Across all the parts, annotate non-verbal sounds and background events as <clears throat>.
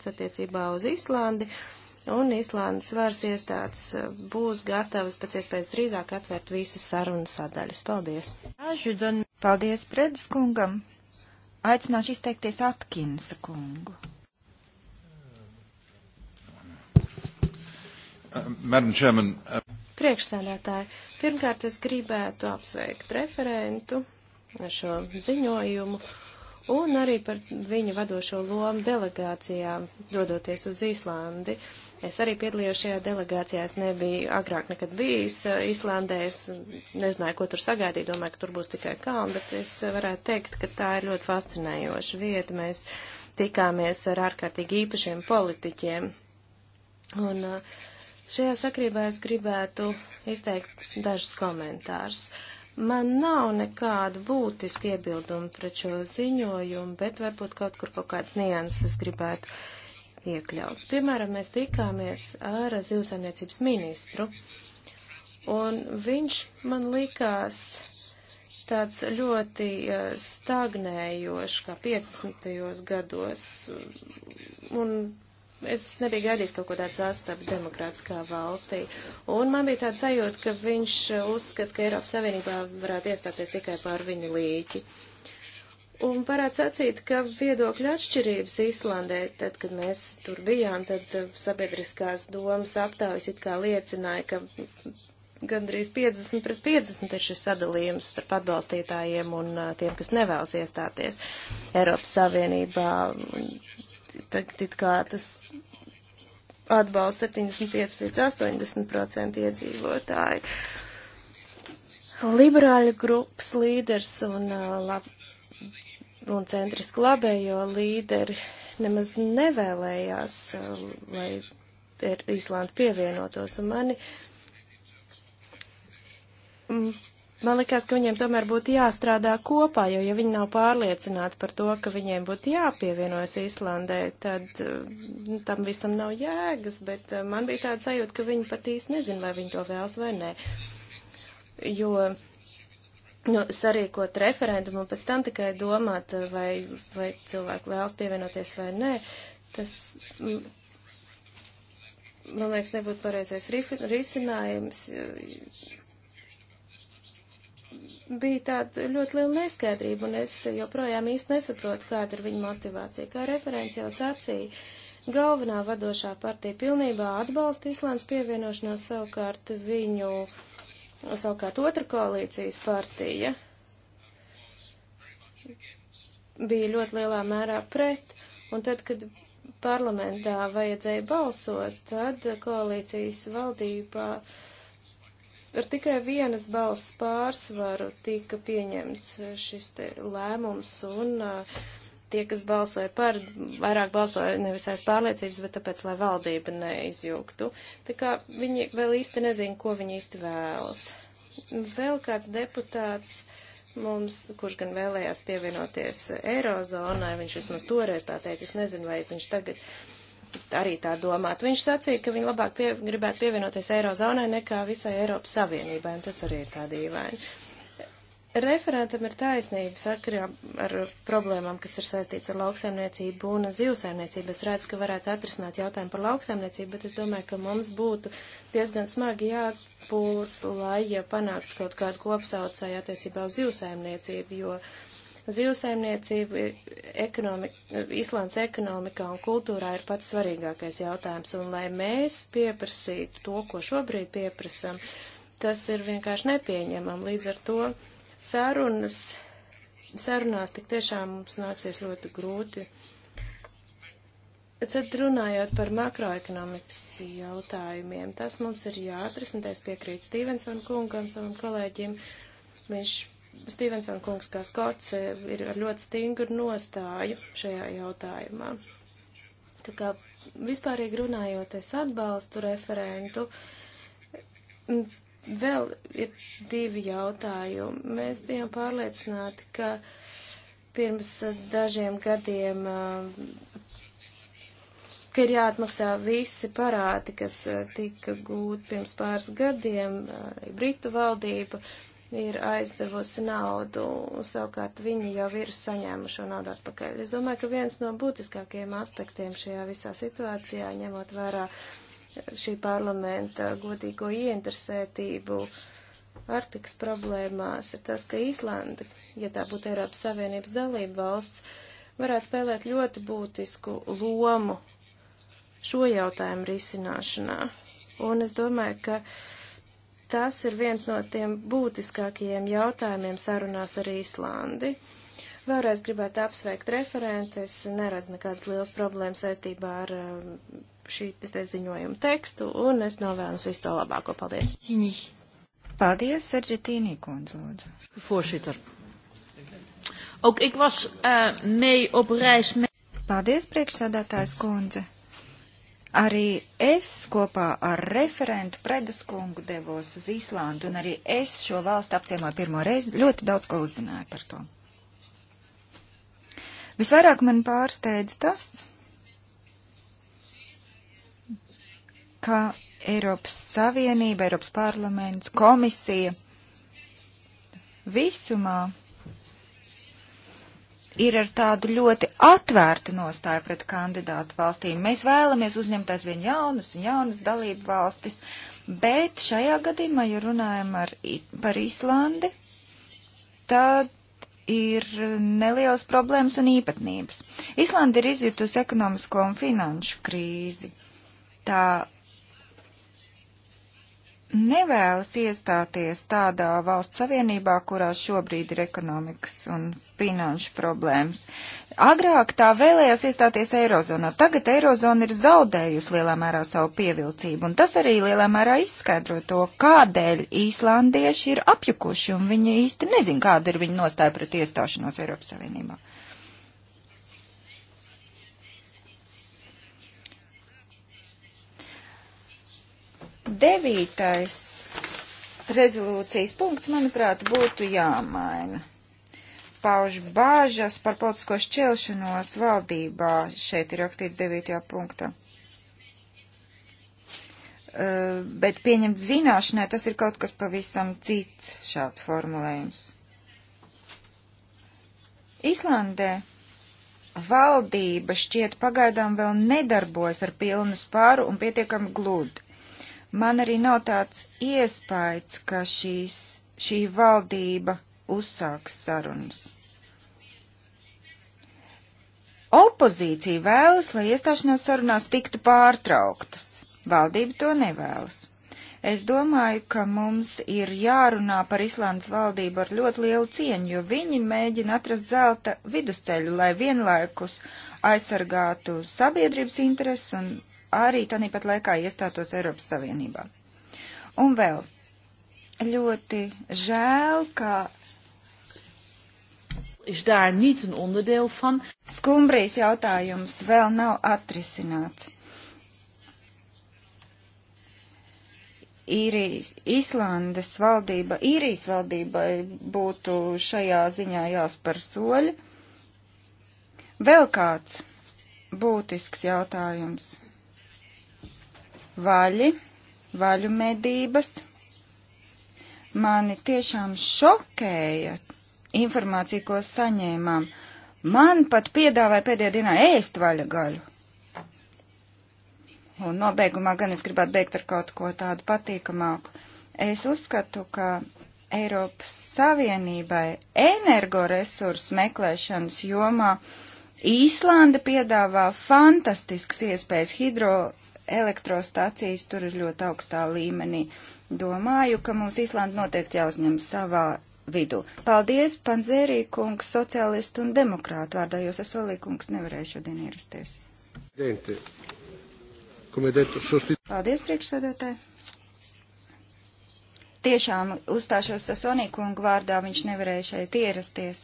pieņemts attiecībā uz Islandi, un Islandas varas iestādes uh, būs gatavas pēc iespējas drīzāk atvērt visas sarunu sadaļas. Paldies! Paldies Predes kungam! Aicināšu izteikties Atkinsa kungu. Madam Chairman. Uh, Priekšsēdētāji, pirmkārt es gribētu apsveikt referentu ar šo ziņojumu un arī par viņu vadošo lomu delegācijā, dodoties uz Īslandi. Es arī piedalījos šajā delegācijā, es nebiju agrāk nekad bijis Īslandē, eh, es nezināju, ko tur sagaidīt, domāju, ka tur būs tikai kalni, bet es varētu teikt, ka tā ir ļoti fascinējoša vieta. Mēs tikāmies ar ārkārtīgi īpašiem politiķiem. Un eh, šajā sakrībā es gribētu izteikt dažus komentārus. Uh, Man nav nekāda būtiska iebilduma pret šo ziņojumu, bet varbūt kaut kur kaut kāds nianses gribētu iekļaut. Piemēram, mēs tikāmies ar zivsaimniecības ministru, un viņš man likās tāds ļoti e, stagnējošs, kā 50. gados, un es nebiju gaidījis kaut ko tādu sastapu demokrātiskā valstī. Un man bija tāds sajūta, ka viņš uzskata, ka Eiropas Savienībā varētu iestāties tikai pār viņu līķi. Un varētu sacīt, ka viedokļu atšķirības Īslandē, tad, kad mēs tur bijām, tad uh, sabiedriskās domas aptaujas it kā liecināja, ka gandrīz 50 pret 50 ir šis sadalījums starp atbalstītājiem un uh, tiem, kas nevēlas iestāties Eiropas Savienībā tad, tad kā tas atbalsta 75 līdz 80% iedzīvotāji. Liberāļu grupas līders un, lab, un centriski labējo līderi nemaz nevēlējās, lai er, Īslanda pievienotos, un mani Man likās, ka viņiem tomēr būtu jāstrādā kopā, jo ja viņi nav pārliecināti par to, ka viņiem būtu jāpievienojas Īslandē, tad nu, tam visam nav jēgas, bet eh, man bija tāds sajūta, ka viņi pat īsti nezin, vai viņi to vēlas vai nē. Jo nu, sarīkot referendumu un pēc tam tikai domāt, eh, vai, vai cilvēku vēlas pievienoties vai nē, tas, mm, man liekas, nebūtu pareizais risinājums, bija tāda ļoti liela neskaidrība, un es joprojām īsti nesaprotu, kāda ir viņa motivācija. Kā referents jau sacīja, galvenā vadošā partija pilnībā atbalsta Islands pievienošanos savukārt viņu, savukārt otra koalīcijas partija bija ļoti lielā mērā pret, un tad, kad parlamentā vajadzēja balsot, tad koalīcijas valdībā uh, Ar tikai vienas balss pārsvaru tika pieņemts eh, šis lēmums, un eh, tie, kas balsoja par, vairāk balsoja nevis aiz pārliecības, bet tāpēc, lai valdība neizjūgtu. Tā kā viņi vēl īsti nezina, ko viņi īsti vēlas. Vēl kāds deputāts mums, kurš gan vēlējās pievienoties Eirozonai, viņš vismaz toreiz tā teica, es nezinu, vai viņš tagad arī tā domāt. Viņš sacīja, ka viņi labāk pie, gribētu pievienoties Eirozonai nekā visai Eiropas Savienībai, un tas arī ir kā dīvaini. Referentam ir taisnība sakarā ar problēmām, kas ir saistīts ar lauksaimniecību un zivsaimniecību. Es redzu, ka varētu atrisināt jautājumu par lauksaimniecību, bet es domāju, ka mums būtu diezgan smagi jāatpūlas, lai ja panāktu kaut kādu kopsaucēju attiecībā uz zivsaimniecību, jo Zivsaimniecība ekonomi, Islands ekonomikā un kultūrā ir pats svarīgākais jautājums, un lai mēs pieprasītu to, ko šobrīd pieprasam, tas ir vienkārši nepieņemam. Līdz ar to sarunas, sarunās tik tiešām mums nāksies ļoti grūti. Tad runājot par makroekonomikas jautājumiem, tas mums ir jāatrisināties piekrīt Stevensona kungam, savam kolēģim. Viņš Stevenson kungs kā skots ir ar ļoti stingru nostāju šajā jautājumā. Tā kā vispārīgi runājot, es atbalstu referentu. Vēl ir divi jautājumi. Mēs bijām pārliecināti, ka pirms dažiem gadiem ka ir jāatmaksā visi parādi, kas tika gūti pirms pāris gadiem, arī Britu valdība ir aizdevusi naudu, savukārt viņi jau ir saņēmuši šo naudu atpakaļ. Es domāju, ka viens no būtiskākajiem aspektiem šajā visā situācijā, ņemot vērā šī parlamenta godīgo ieinteresētību Arktikas problēmās, ir tas, ka Īslanda, ja tā būtu Eiropas Savienības dalība valsts, varētu spēlēt ļoti būtisku lomu šo jautājumu risināšanā. Un es domāju, ka uh, Tas ir viens no tiem būtiskākajiem jautājumiem sarunās ar Īslandi. Vēlreiz gribētu apsveikt referenti. Es neredzu nekādas lielas problēmas saistībā ar um, šī te ziņojuma tekstu, un es novēlu visu to labāko. Paldies! Cīņi. Paldies, Sergetīnī kundze, lūdzu. Voorzitter. Ook ik was uh, mee op reis. Mee... Paldies, priekšsādātājs kundze. Arī es kopā ar referentu Predaskungu devos uz Īslandu, un arī es šo valstu apciemoju pirmo reizi, ļoti daudz ko uzzināju par to. Visvairāk man pārsteidz tas, ka Eiropas Savienība, Eiropas parlaments, komisija visumā ir ar tādu ļoti atvērtu nostāju pret kandidātu valstīm. Mēs vēlamies uzņemt aizvien jaunus un jaunus dalību valstis, bet šajā gadījumā, ja runājam ar, par Īslandi, tad ir nelielas problēmas un īpatnības. Īslanda ir izjutusi ekonomisko un finanšu krīzi. Tā nevēlas iestāties tādā valsts savienībā, kurā šobrīd ir ekonomikas un finanšu problēmas. Agrāk tā vēlējās iestāties Eirozonā, tagad Eirozona ir zaudējusi lielā mērā savu pievilcību, un tas arī lielā mērā izskaidro to, kādēļ īslandieši ir apjukuši, un viņi īsti nezin, kāda ir viņa nostāja pret iestāšanos Eiropas Savienībā. Devītais rezolūcijas punkts, manuprāt, būtu jāmaina. Pauž bāžas par politisko šķelšanos valdībā, šeit ir rakstīts 9. punktā. Uh, bet pieņemt zināšanai, tas ir kaut kas pavisam cits šāds formulējums. Islandē valdība šķiet pagaidām vēl nedarbojas ar pilnu spāru un pietiekami gludi. Man arī nav tāds iespējas, ka šīs, šī valdība uzsāks sarunas. Opozīcija vēlas, lai iestāšanās sarunās tiktu pārtrauktas. Valdība to nevēlas. Es domāju, ka mums ir jārunā par Islandes valdību ar ļoti lielu cieņu, jo viņi mēģina atrast zelta vidusceļu, lai vienlaikus aizsargātu sabiedrības intereses un arī tāpat laikā iestātos Eiropas Savienībā. Un vēl ļoti žēl, ka. Skumbrijas jautājums vēl nav atrisināts. Īrijas, Islandes valdība, Īrijas valdībai būtu šajā ziņā jāspar soļi. Vēl kāds būtisks jautājums vaļi, vaļu medības. Mani tiešām šokēja informācija, ko saņēmām. Man pat piedāvāja pēdējā dienā ēst vaļu gaļu. Un nobeigumā gan es gribētu beigt ar kaut ko tādu patīkamāku. Es uzskatu, ka Eiropas Savienībai energoresursu meklēšanas jomā Īslanda piedāvā fantastisks iespējas hidro elektrostācijas tur ir ļoti augstā līmenī. Domāju, ka mums Īslanda noteikti jāuzņem savā vidu. Paldies, Panzērī kungs, sociālistu un demokrātu vārdā, jo Sasolī kungs nevarēja šodien ierasties. Paldies, priekšsēdētāji. Tiešām uzstāšos Sasonī kungu vārdā, viņš nevarēja šeit ierasties.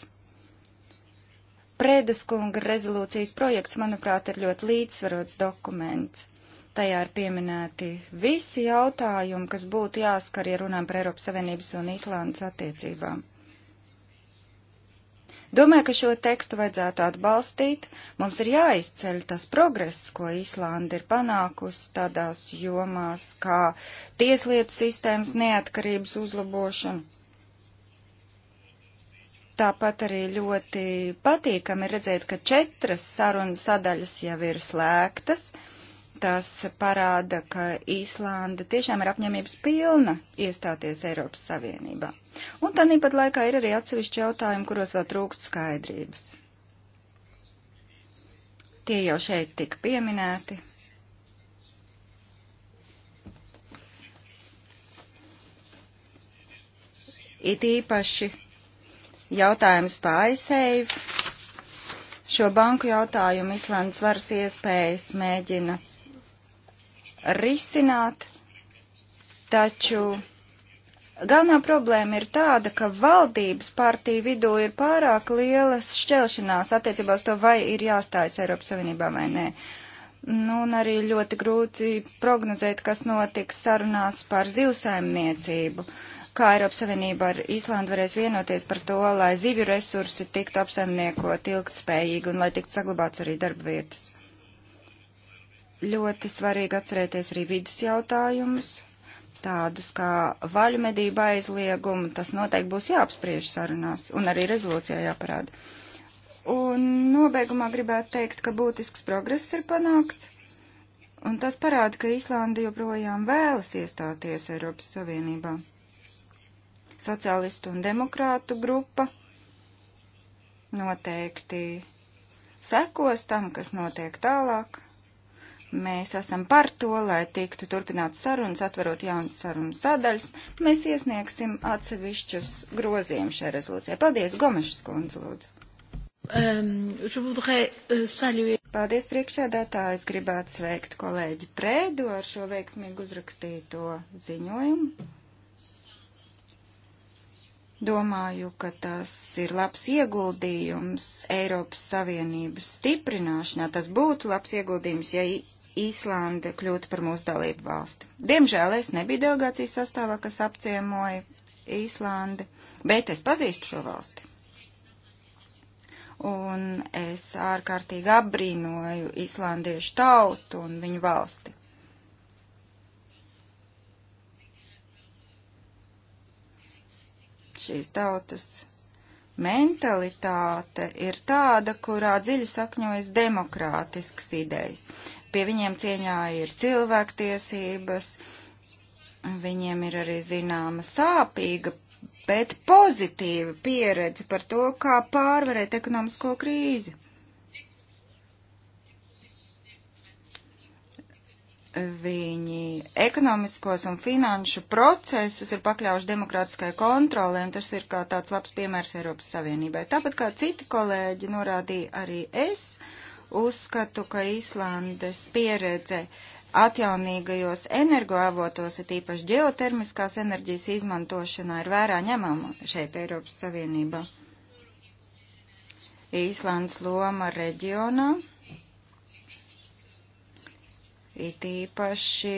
Prēdas kunga rezolūcijas projekts, manuprāt, ir ļoti līdzsvarots dokuments. Tajā ir pieminēti visi jautājumi, kas būtu jāskar, ja runājam par Eiropas Savienības un Īslandes attiecībām. Domāju, ka šo tekstu vajadzētu atbalstīt. Mums ir jāizceļ tas progress, ko Īslanda ir panākusi tādās jomās kā tieslietu sistēmas neatkarības uzlabošana. Tāpat arī ļoti patīkami redzēt, ka četras sarunas sadaļas jau ir slēgtas. Uh, Tas parāda, ka Īslanda tiešām ir apņēmības pilna iestāties Eiropas Savienībā. Un tāpat laikā ir arī atsevišķi jautājumi, kuros vēl trūkst skaidrības. Tie jau šeit tika pieminēti. It īpaši jautājums par aizsēju. Šo banku jautājumu Islandes varas iespējas mēģina risināt, taču galvenā problēma ir tāda, ka valdības partiju vidū ir pārāk lielas šķelšanās attiecībā uz to, vai ir jāstājas Eiropas Savienībā vai nē. Nu, un arī ļoti grūti prognozēt, kas notiks sarunās par zivsaimniecību. Kā Eiropas Savienība ar Īslandu varēs vienoties par to, lai zivju resursi tiktu apsaimniekot ilgtspējīgi un lai tiktu saglabāts arī darba vietas ļoti svarīgi atcerēties arī vidas jautājumus, tādus kā vaļu medību aizliegumu, tas noteikti būs jāapspriež sarunās un arī rezolūcijā jāparāda. Un nobeigumā gribētu teikt, ka būtisks progress ir panākts, un tas parāda, ka Īslanda joprojām vēlas iestāties Eiropas Savienībā. Socialistu un demokrātu grupa noteikti sekos tam, kas notiek tālāk Mēs esam par to, lai tiktu turpināt sarunas, atverot jaunas sarunas sadaļas. Mēs iesniegsim atsevišķus grozījumus šajā rezolūcijā. Paldies, Gomešas kundze, lūdzu. Um, voudrais, uh, Paldies priekšsēdētā. Es gribētu sveikt kolēģi Prēdu ar šo veiksmīgu uzrakstīto ziņojumu. Domāju, ka tas ir labs ieguldījums Eiropas Savienības stiprināšanā. Tas būtu labs ieguldījums, ja Īslanda kļūtu par mūsu dalību valsti. Diemžēl es nebiju delegācijas sastāvā, kas apciemoja Īslandi, bet es pazīstu šo valsti. Un es ārkārtīgi apbrīnoju īslandiešu tautu un viņu valsti. Šīs tautas mentalitāte ir tāda, kurā dziļi sakņojas demokrātiskas idejas pie viņiem cieņā ir cilvēktiesības, viņiem ir arī zināma sāpīga, bet pozitīva pieredze par to, kā pārvarēt ekonomisko krīzi. Viņi ekonomiskos un finanšu procesus ir pakļaujuši demokrātiskai kontrolē, un tas ir kā tāds labs piemērs Eiropas Savienībai. Tāpat kā citi kolēģi norādīja arī es, uh, Uzskatu, ka Īslandes pieredze atjaunīgajos energoavotos, ir īpaši ģeotermiskās enerģijas izmantošanā, ir vērā ņemama šeit Eiropas Savienībā. Īslandes loma reģionā it īpaši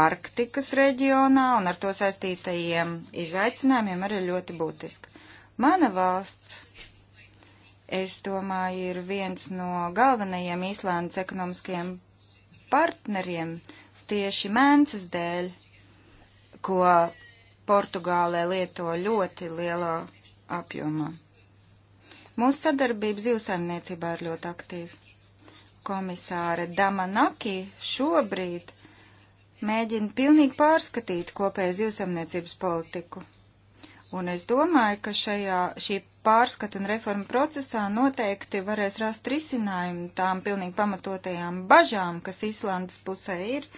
Arktikas reģionā un ar to saistītajiem izaicinājumiem arī ļoti būtiska. Mana valsts es domāju, ir viens no galvenajiem Īslandes ekonomiskajiem partneriem tieši mēnces dēļ, ko Portugālē lieto ļoti lielā apjomā. Mūsu sadarbība zivsaimniecībā ir ļoti aktīva. Komisāra Damanaki šobrīd mēģina pilnīgi pārskatīt kopēju zivsaimniecības politiku. Un es domāju, ka šajā, šī pārskatu un reformu procesā noteikti varēs rast risinājumu tām pilnīgi pamatotajām bažām, kas Islandes pusē ir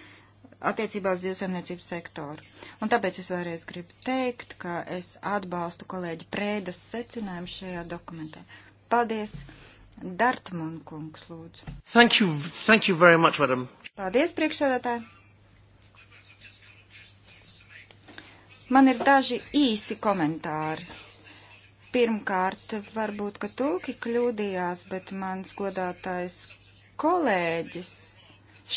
attiecībā uz dzīvesemniecības sektoru. Un tāpēc es vēlreiz gribu teikt, ka es atbalstu kolēģi Prēdas secinājumu šajā dokumentā. Paldies! Dartmund kungs, lūdzu. Thank you, thank you very much, madam. Paldies, priekšsēdētāji. Man ir daži īsi komentāri. Pirmkārt, varbūt, ka tulki kļūdījās, bet mans godātais kolēģis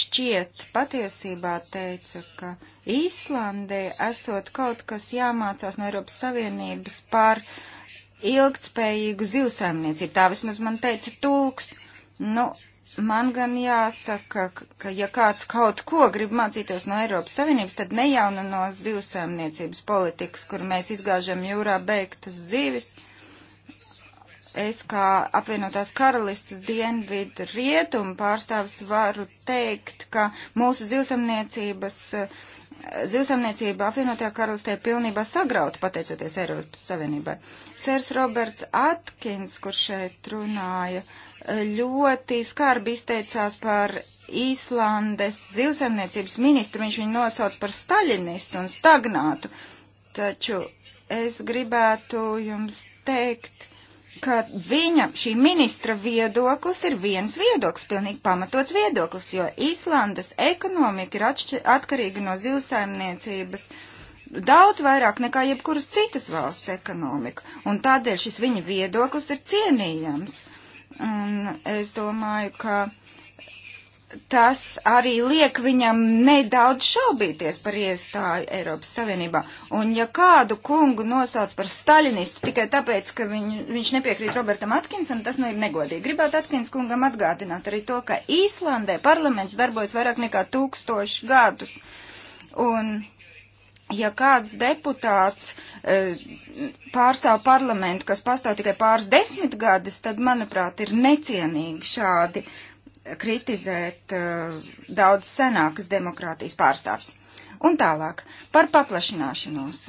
šķiet patiesībā teica, ka Īslandē esot kaut kas jāmācās no Eiropas Savienības par ilgtspējīgu zivsaimniecību. Tā vismaz man teica tulks. Nu, Man gan jāsaka, ka ja kāds kaut ko grib mācīties no Eiropas Savienības, tad ne jau no zivsēmniecības politikas, kur mēs izgāžam jūrā beigtas zivis. Es kā apvienotās karalistas dienvidu rietumu pārstāvis varu teikt, ka mūsu zivsamniecības, zivsamniecība apvienotajā karalistē pilnībā sagrauta pateicoties Eiropas Savienībai. Sērs Roberts Atkins, kurš šeit runāja, uh, ļoti skarbi izteicās par Īslandes zivsaimniecības ministru. Viņš viņu nosauc par staļinistu un stagnātu. Taču es gribētu jums teikt, ka viņa, šī ministra viedoklis ir viens viedoklis, pilnīgi pamatots viedoklis, jo Īslandes ekonomika ir atšķi, atkarīga no zivsaimniecības daudz vairāk nekā jebkuras citas valsts ekonomika, un tādēļ šis viņa viedoklis ir cienījams. Uh, Un es domāju, ka tas arī liek viņam nedaudz šaubīties par iestāju Eiropas Savienībā. Un ja kādu kungu nosauc par staļinistu tikai tāpēc, ka viņu, viņš nepiekrīt Robertam Atkinsam, tas nu ir negodīgi. Gribētu Atkins kungam atgādināt arī to, ka Īslandē parlaments darbojas vairāk nekā tūkstoši gadus. Un ja kāds deputāts e, pārstāv parlamentu, kas pastāv tikai pāris desmit gadus, tad, manuprāt, ir necienīgi šādi kritizēt e, daudz senākas demokrātijas pārstāvs. Un tālāk par paplašināšanos.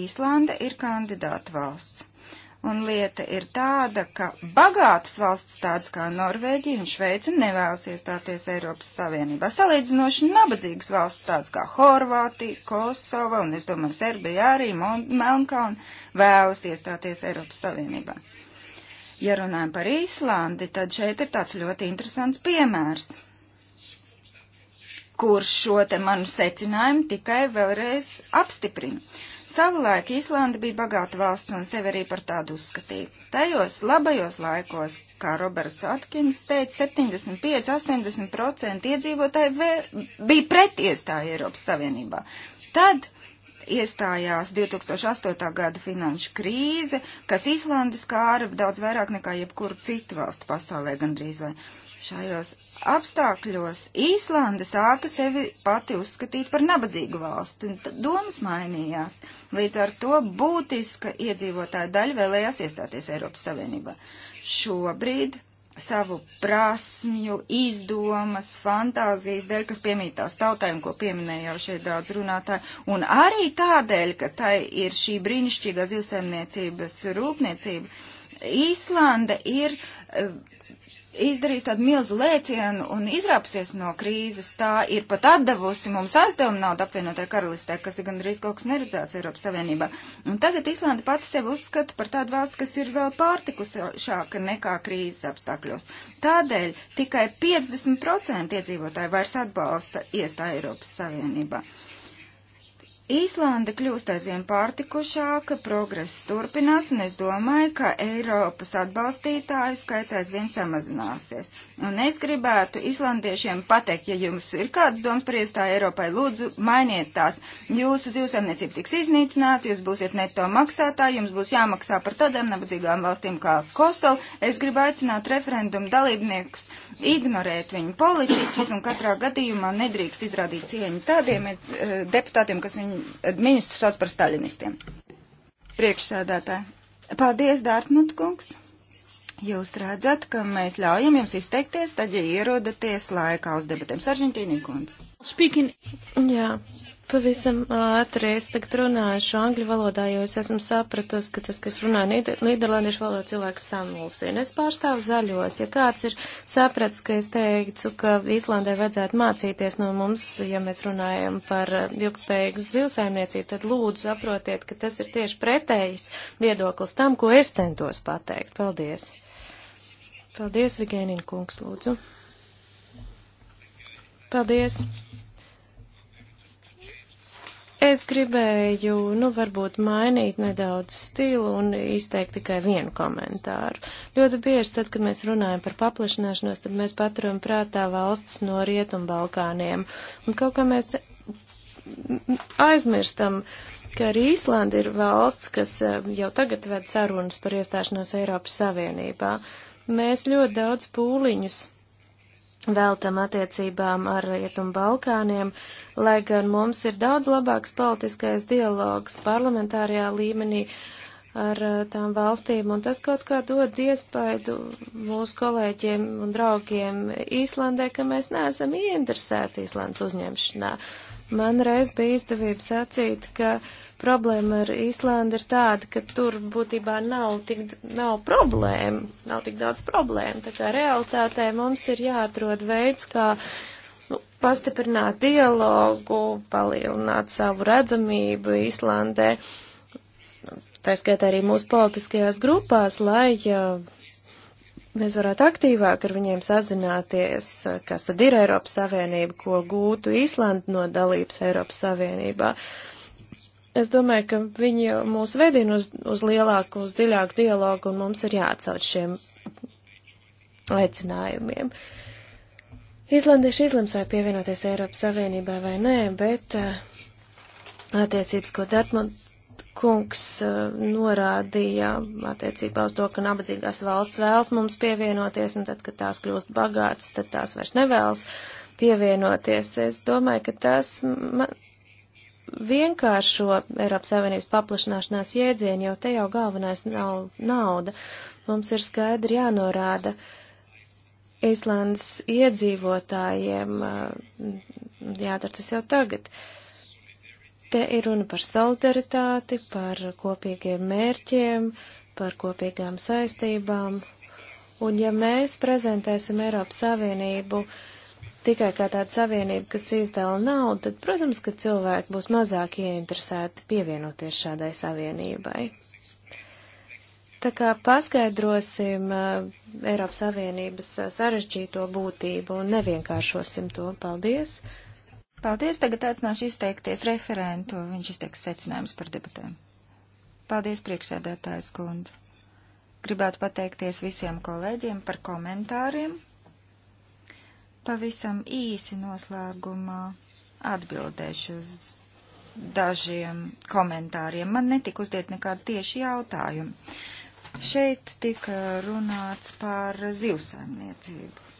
Īslanda ir kandidāta valsts. Un lieta ir tāda, ka bagātas valsts tādas kā Norvēģija un Šveica nevēlas iestāties Eiropas Savienībā. Salīdzinoši nabadzīgas valsts tādas kā Horvātija, Kosova un, es domāju, Serbija arī, Melnkalna vēlas iestāties Eiropas Savienībā. Ja runājam par Īslandi, tad šeit ir tāds ļoti interesants piemērs, kurš šo te manu secinājumu tikai vēlreiz apstiprina. Savulaik Īslanda bija bagāta valsts un sevi arī par tādu uzskatīja. Tajos labajos laikos, kā Roberts Atkins teica, 75-80% iedzīvotāji vēl bija pret iestāju Eiropas Savienībā. Tad iestājās 2008. gada finanšu krīze, kas Īslandes kāra daudz vairāk nekā jebkuru citu valstu pasaulē gandrīz vai. Šajos apstākļos Īslanda sāka sevi pati uzskatīt par nabadzīgu valstu, un domas mainījās. Līdz ar to būtiska iedzīvotāja daļa vēlējās iestāties Eiropas Savienībā. Šobrīd savu prasmju, izdomas, fantāzijas dēļ, kas piemītās tautājiem, ko pieminēja jau šeit daudz runātāji, un arī tādēļ, ka tai ir šī brīnišķīgā zivsaimniecības rūpniecība, Īslanda ir uh, izdarījusi tādu milzu lēcienu un izrāpusies no krīzes. Tā ir pat atdevusi mums aizdevumu naudu apvienotā karalistē, kas ir gandrīz kaut kas neredzēts Eiropas Savienībā. Un tagad Islanda pati sevi uzskata par tādu valsti, kas ir vēl pārtikušāka nekā krīzes apstākļos. Tādēļ tikai 50% iedzīvotāji vairs atbalsta iestāju Eiropas Savienībā. Uh, Īslanda kļūst aizvien pārtikušāka, progress turpinās, un es domāju, ka Eiropas atbalstītāju skaits aizvien samazināsies. Un es gribētu islandiešiem pateikt, ja jums ir kādas domas par iestāju Eiropai, lūdzu, mainiet tās. Jūsu zivsaimniecība tiks iznīcināta, jūs būsiet neto maksātāji, jums būs jāmaksā par tādām nabadzīgām valstīm kā Kosova. Es gribu aicināt referendumu dalībniekus ignorēt viņu politiķus, un katrā gadījumā nedrīkst izrādīt cieņu tādiem e, deputātiem, kas viņu ministru sauc par staļinistiem. Priekšsēdētāji. Paldies, Dārtmut kungs. Jūs redzat, ka mēs ļaujam jums izteikties, tad, ja ierodaties laikā uz debatēm. Saržantīni kundze. Speaking. Jā. Yeah. Pavisam ātri es tagad runāšu angļu valodā, jo es esmu sapratusi, ka tas, kas runā nīderlandiešu valodā, cilvēks samulsina. Es pārstāvu zaļos. Ja kāds ir sapratis, ka es teicu, ka Īslandē vajadzētu mācīties no mums, ja mēs runājam par ilgspējīgas zivsaimniecību, tad lūdzu saprotiet, ka tas ir tieši pretējs viedoklis tam, ko es centos pateikt. Paldies. Paldies, Vigēnina kungs, lūdzu. Paldies. Es gribēju, nu, varbūt mainīt nedaudz stilu un izteikt tikai vienu komentāru. Ļoti bieži, tad, kad mēs runājam par paplašināšanos, tad mēs paturam prātā valstis no Rietumbalkāniem. Un kaut kā mēs aizmirstam, ka arī Īslanda ir valsts, kas eh, jau tagad ved sarunas par iestāšanos Eiropas Savienībā. Mēs ļoti daudz pūliņus veltam attiecībām ar Rietumu Balkāniem, lai gan mums ir daudz labāks politiskais dialogs parlamentārajā līmenī ar eh, tām valstīm, un tas kaut kā dod iespaidu mūsu kolēģiem un draugiem Īslandē, ka mēs neesam ieinteresēti Īslandes uzņemšanā. Uh, Man reiz bija izdevība sacīt, ka problēma ar Īslandi ir tāda, ka tur būtībā nav tik, nav problēma, nav tik daudz problēmu. Tā kā realitātē mums ir jāatrod veids, kā nu, pastiprināt dialogu, palielināt savu redzamību Īslandē, tā skaitā arī mūsu politiskajās grupās, lai. Uh, mēs varētu aktīvāk ar viņiem sazināties, kas tad ir Eiropas Savienība, ko gūtu Īslanda no dalības Eiropas Savienībā. Es domāju, ka viņi mūs vedina uz, uz lielāku, uz dziļāku dialogu, un mums ir jāatsauc šiem aicinājumiem. Īslandieši izlems, vai pievienoties Eiropas Savienībai vai nē, bet eh, attiecības, ko Dartmund kungs eh, norādīja attiecībā uz to, ka nabadzīgās valsts vēlas mums pievienoties, un tad, kad tās kļūst bagātas, tad tās vairs nevēlas pievienoties. Es domāju, ka tas vienkāršo Eiropas Savienības paplašanāšanās jēdzienu, jo te jau galvenais nav nauda. Mums ir skaidri jānorāda Īslandes iedzīvotājiem, eh, jādara tas jau tagad. Uh, Te ir runa par solidaritāti, par kopīgiem mērķiem, par kopīgām saistībām. Un ja mēs prezentēsim Eiropas Savienību tikai kā tādu savienību, kas izdala naudu, tad, protams, ka cilvēki būs mazāk ieinteresēti pievienoties šādai savienībai. Tā kā paskaidrosim uh, Eiropas Savienības eh, sarežģīto būtību un nevienkāršosim to. Paldies! Paldies, tagad aicināšu izteikties referentu, viņš izteiks secinājumus par debatēm. Paldies, priekšsēdētājs kundze. Gribētu pateikties visiem kolēģiem par komentāriem. Pavisam īsi noslēgumā atbildēšu uz dažiem komentāriem. Man netika uzdiet nekādu tieši jautājumu. Šeit tika runāts par zivsaimniecību.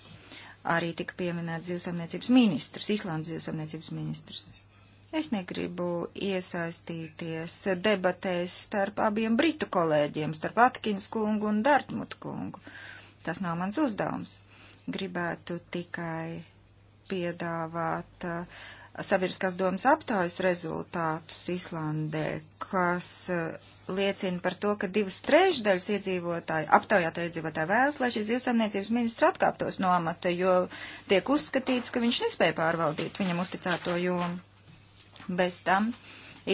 Arī tika pieminēts zivsamniecības ministrs, Islandes zivsamniecības ministrs. Es negribu iesaistīties debatēs starp abiem britu kolēģiem, starp Atkins kungu un Dartmut kungu. Tas nav mans uzdevums. Gribētu tikai piedāvāt uh, sabiedriskās domas aptaujas rezultātus Islandē, kas uh, liecina par to, ka divas trešdaļas iedzīvotāji, aptaujāto iedzīvotāju vēlas, lai šis zivsaimniecības ministrs atkāptos no amata, jo tiek uzskatīts, ka viņš nespēja pārvaldīt viņam uzticēto jomu. Bez tam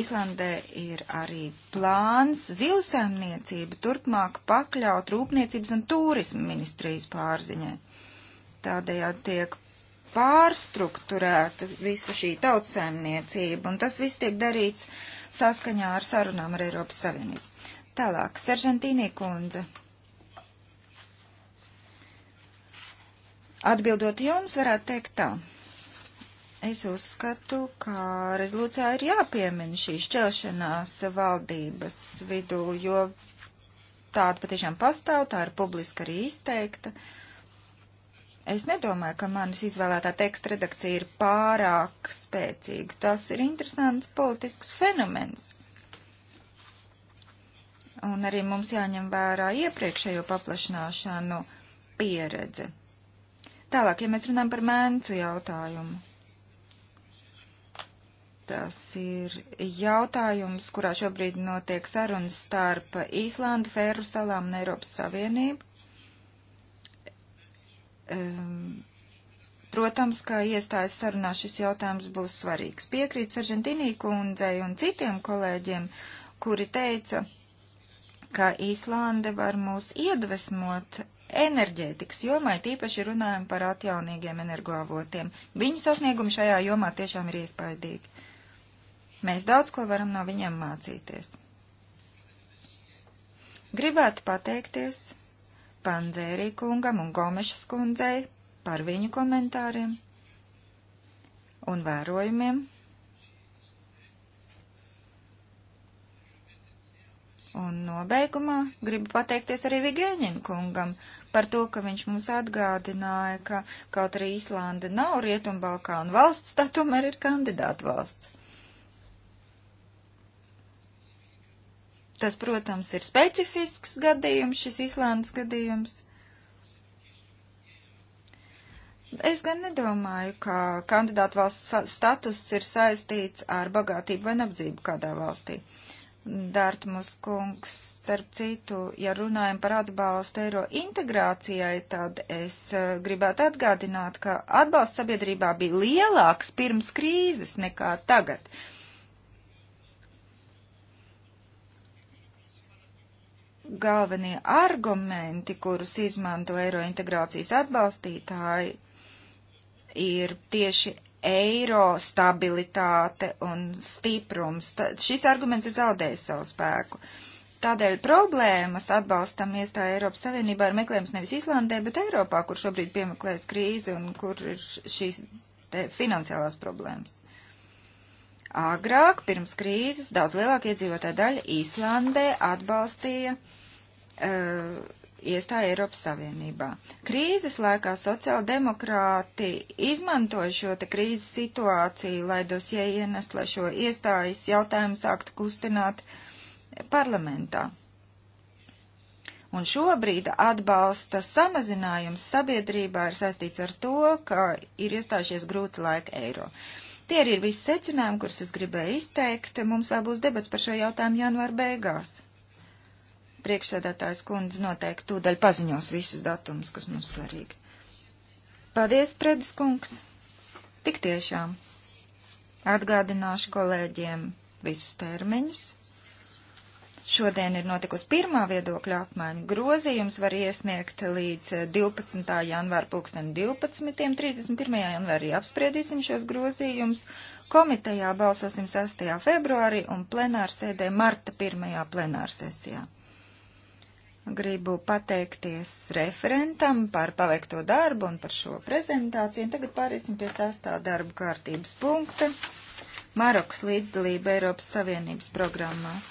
Islandē ir arī plāns zivsaimniecību turpmāk pakļaut rūpniecības un turismu ministrijas pārziņai. Tādējādi tiek pārstruktūrēta visa šī tautsēmniecība, un tas viss tiek darīts uh, saskaņā ar sarunām ar Eiropas Savienību. Tālāk, Seržantīnī kundze. Atbildot jums, varētu teikt tā. Es uzskatu, ka rezolūcijā ir jāpiemina šī šķelšanās valdības vidū, jo tāda patiešām pastāv, tā ir publiski arī izteikta. Uh, Es nedomāju, ka manas izvēlētā teksta redakcija ir pārāk spēcīga. Tas ir interesants politisks fenomens. Un arī mums jāņem vērā iepriekšējo paplašināšanu pieredze. Tālāk, ja mēs runājam par mēncu jautājumu. Tas ir jautājums, kurā šobrīd notiek sarunas starp Īslandu, Fēru salām un Eiropas Savienību um, Protams, ka iestājas sarunā šis jautājums būs svarīgs. Piekrīt Sargentinī kundzei un citiem kolēģiem, kuri teica, ka Īslande var mūs iedvesmot enerģētikas jomai, tīpaši runājam par atjaunīgiem energoavotiem. Viņu sasniegumi šajā jomā tiešām ir iespaidīgi. Mēs daudz ko varam no viņiem mācīties. Gribētu pateikties Pandzērī kungam un Gomešas kundzei par viņu komentāriem un vērojumiem. Un nobeigumā gribu pateikties arī Vigēņin kungam par to, ka viņš mums atgādināja, ka kaut arī Īslanda nav Rietumbalkānu valsts, tā tomēr ir kandidātu valsts. Tas, protams, ir specifisks gadījums, šis Islandes gadījums. Es gan nedomāju, ka kandidātu valsts status ir saistīts ar bagātību vai nabadzību kādā valstī. Dārtmus kungs, starp citu, ja runājam par atbalstu eiro integrācijai, tad es eh, gribētu atgādināt, ka atbalsts sabiedrībā bija lielāks pirms krīzes nekā tagad. Uh, galvenie argumenti, kurus izmanto eiro integrācijas atbalstītāji, ir tieši eiro stabilitāte un stiprums. T šis arguments ir zaudējis savu spēku. Tādēļ problēmas atbalstam iestāja Eiropas Savienībā ir meklējums nevis Islandē, bet Eiropā, kur šobrīd piemeklēs krīzi un kur ir šīs finansiālās problēmas. Agrāk, pirms krīzes, daudz lielāka iedzīvotāja daļa Īslandē atbalstīja uh, Uh, iestāja Eiropas Savienībā. Krīzes laikā sociāldemokrāti izmantoja šo te krīzes situāciju, lai dosie ienest, lai šo iestājas jautājumu sāktu kustināt parlamentā. Un šobrīd atbalsta samazinājums sabiedrībā ir saistīts ar to, ka ir iestājušies grūti laika eiro. Tie arī ir visi secinājumi, kurus es gribēju izteikt. Mums vēl būs debats par šo jautājumu janvāra beigās. Priekšsēdētājs kundze noteikti tūdaļ paziņos visus datumus, kas mums svarīgi. Paldies, Predis kungs! Tik tiešām atgādināšu kolēģiem visus termiņus. Šodien ir notikusi pirmā viedokļa apmaiņa. Grozījums var iesniegt līdz 12. Eh, janvāra pulksten 12. 31. janvārī apspriedīsim šos grozījumus. Komitejā balsosim 6. februārī un plenārsēdē marta 1. plenārsesijā. Plenār Gribu pateikties referentam par paveikto darbu un par šo prezentāciju. Tagad pāriesim pie sastā darba kārtības punkta. Marokas līdzdalība Eiropas Savienības programmās.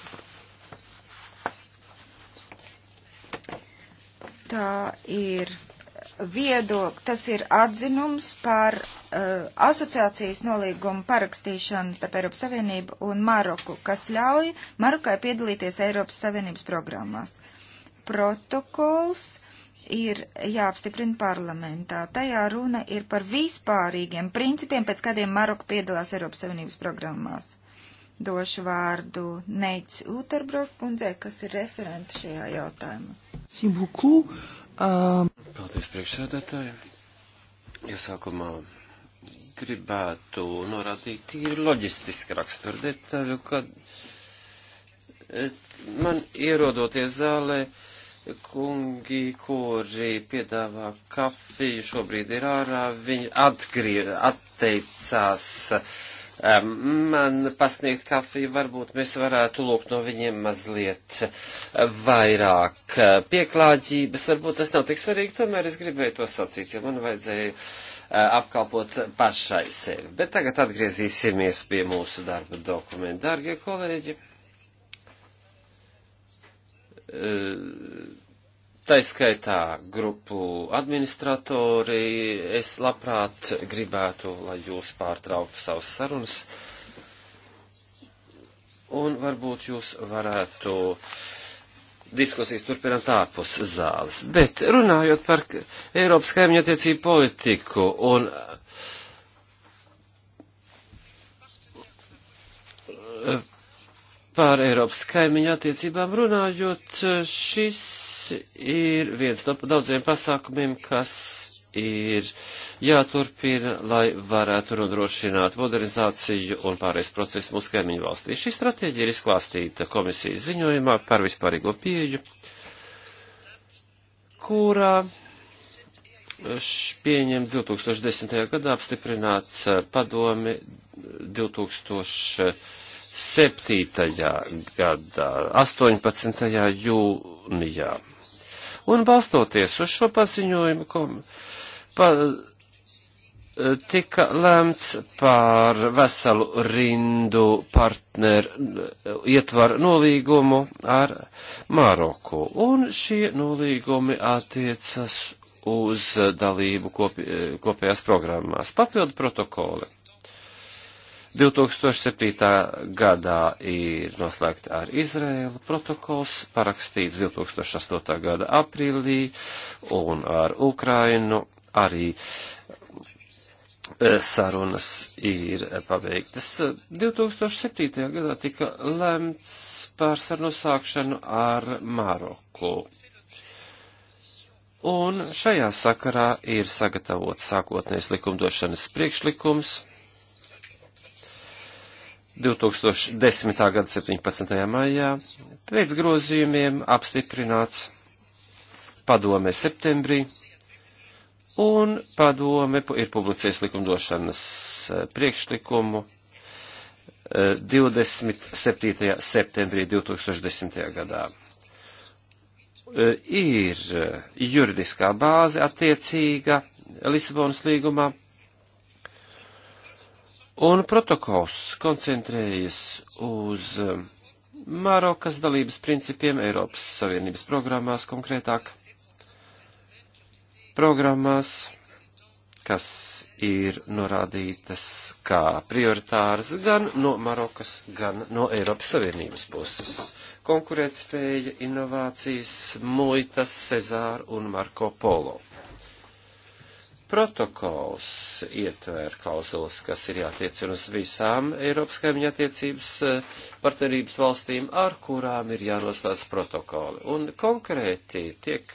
Tā ir viedok, tas ir atzinums par uh, asociācijas nolīgumu parakstīšanu starp Eiropas Savienību un Maroku, kas ļauj Marokai piedalīties Eiropas Savienības programmās. Uh, protokols ir jāapstiprina parlamentā. Tajā runa ir par vispārīgiem principiem, pēc kādiem Maroka piedalās Eiropas Savienības programmās. Došu vārdu Neits Uterbrok kundzē, kas ir referenta šajā jautājumā. Sibuku. Um... Paldies priekšsēdētājiem. Iesākumā gribētu norādīt tīri loģistiski raksturu detaļu, kad eh, man ierodoties zālē, uh, kungi, kuri piedāvā kafiju, šobrīd ir ārā, viņi atgriež, atteicās um, man pasniegt kafiju, varbūt mēs varētu lūgt no viņiem mazliet vairāk pieklāģības, varbūt tas nav tik svarīgi, tomēr es gribēju to sacīt, jo man vajadzēja uh, apkalpot pašai sevi. Bet tagad atgriezīsimies pie mūsu darba dokumentu. Dārgie kolēģi! Eh, Taiskaitā grupu administratori, es labprāt gribētu, lai jūs pārtrauktu savas sarunas. Un varbūt jūs varētu diskusijas turpināt ārpus zāles. Bet runājot par Eiropas kaimiņattiecību politiku un uh, Par Eiropas kaimiņu attiecībām runājot, šis ir viens no daudziem pasākumiem, kas ir jāturpina, lai varētu nodrošināt modernizāciju un pārējais procesu mūsu kaimiņu valstī. Šī stratēģija ir izklāstīta komisijas ziņojumā par vispārīgo pieeju, kurā pieņemts 2010. gadā apstiprināts eh, padomi 2000. 7. gadā, 18. jūnijā. Un balstoties uz šo paziņojumu, kom, pa, tika lēmts par veselu rindu partneru ietvaru nolīgumu ar Maroku, un šie nolīgumi attiecas uz dalību kopi, kopējās programmās, papildu protokoli 2007. gadā ir noslēgta ar Izrēlu protokols, parakstīts 2008. gada aprīlī, un ar Ukrainu arī eh, sarunas ir pabeigtas. 2007. gadā tika lemts par sarunu sākšanu ar Maroku. Un šajā sakarā ir sagatavots sākotnējs likumdošanas priekšlikums 2010. gada 17. maijā, pēc grozījumiem apstiprināts padome septembrī, un padome ir publicējis likumdošanas eh, priekšlikumu 27. Eh, septembrī 2010. gadā. Eh, ir juridiskā bāze attiecīga Lisabonas līgumā Un protokols koncentrējas uz um, Marokas dalības principiem Eiropas Savienības programmās konkrētāk. Programmās, kas ir norādītas kā prioritāras gan no Marokas, gan no Eiropas Savienības puses. Konkurētspēja, inovācijas, muitas, Cezāra un Marko Polo protokols ietver klauzulas, kas ir jātiecina uz visām Eiropas kaimiņa attiecības eh, partnerības valstīm, ar kurām ir jānoslēdz protokoli. Un konkrēti tiek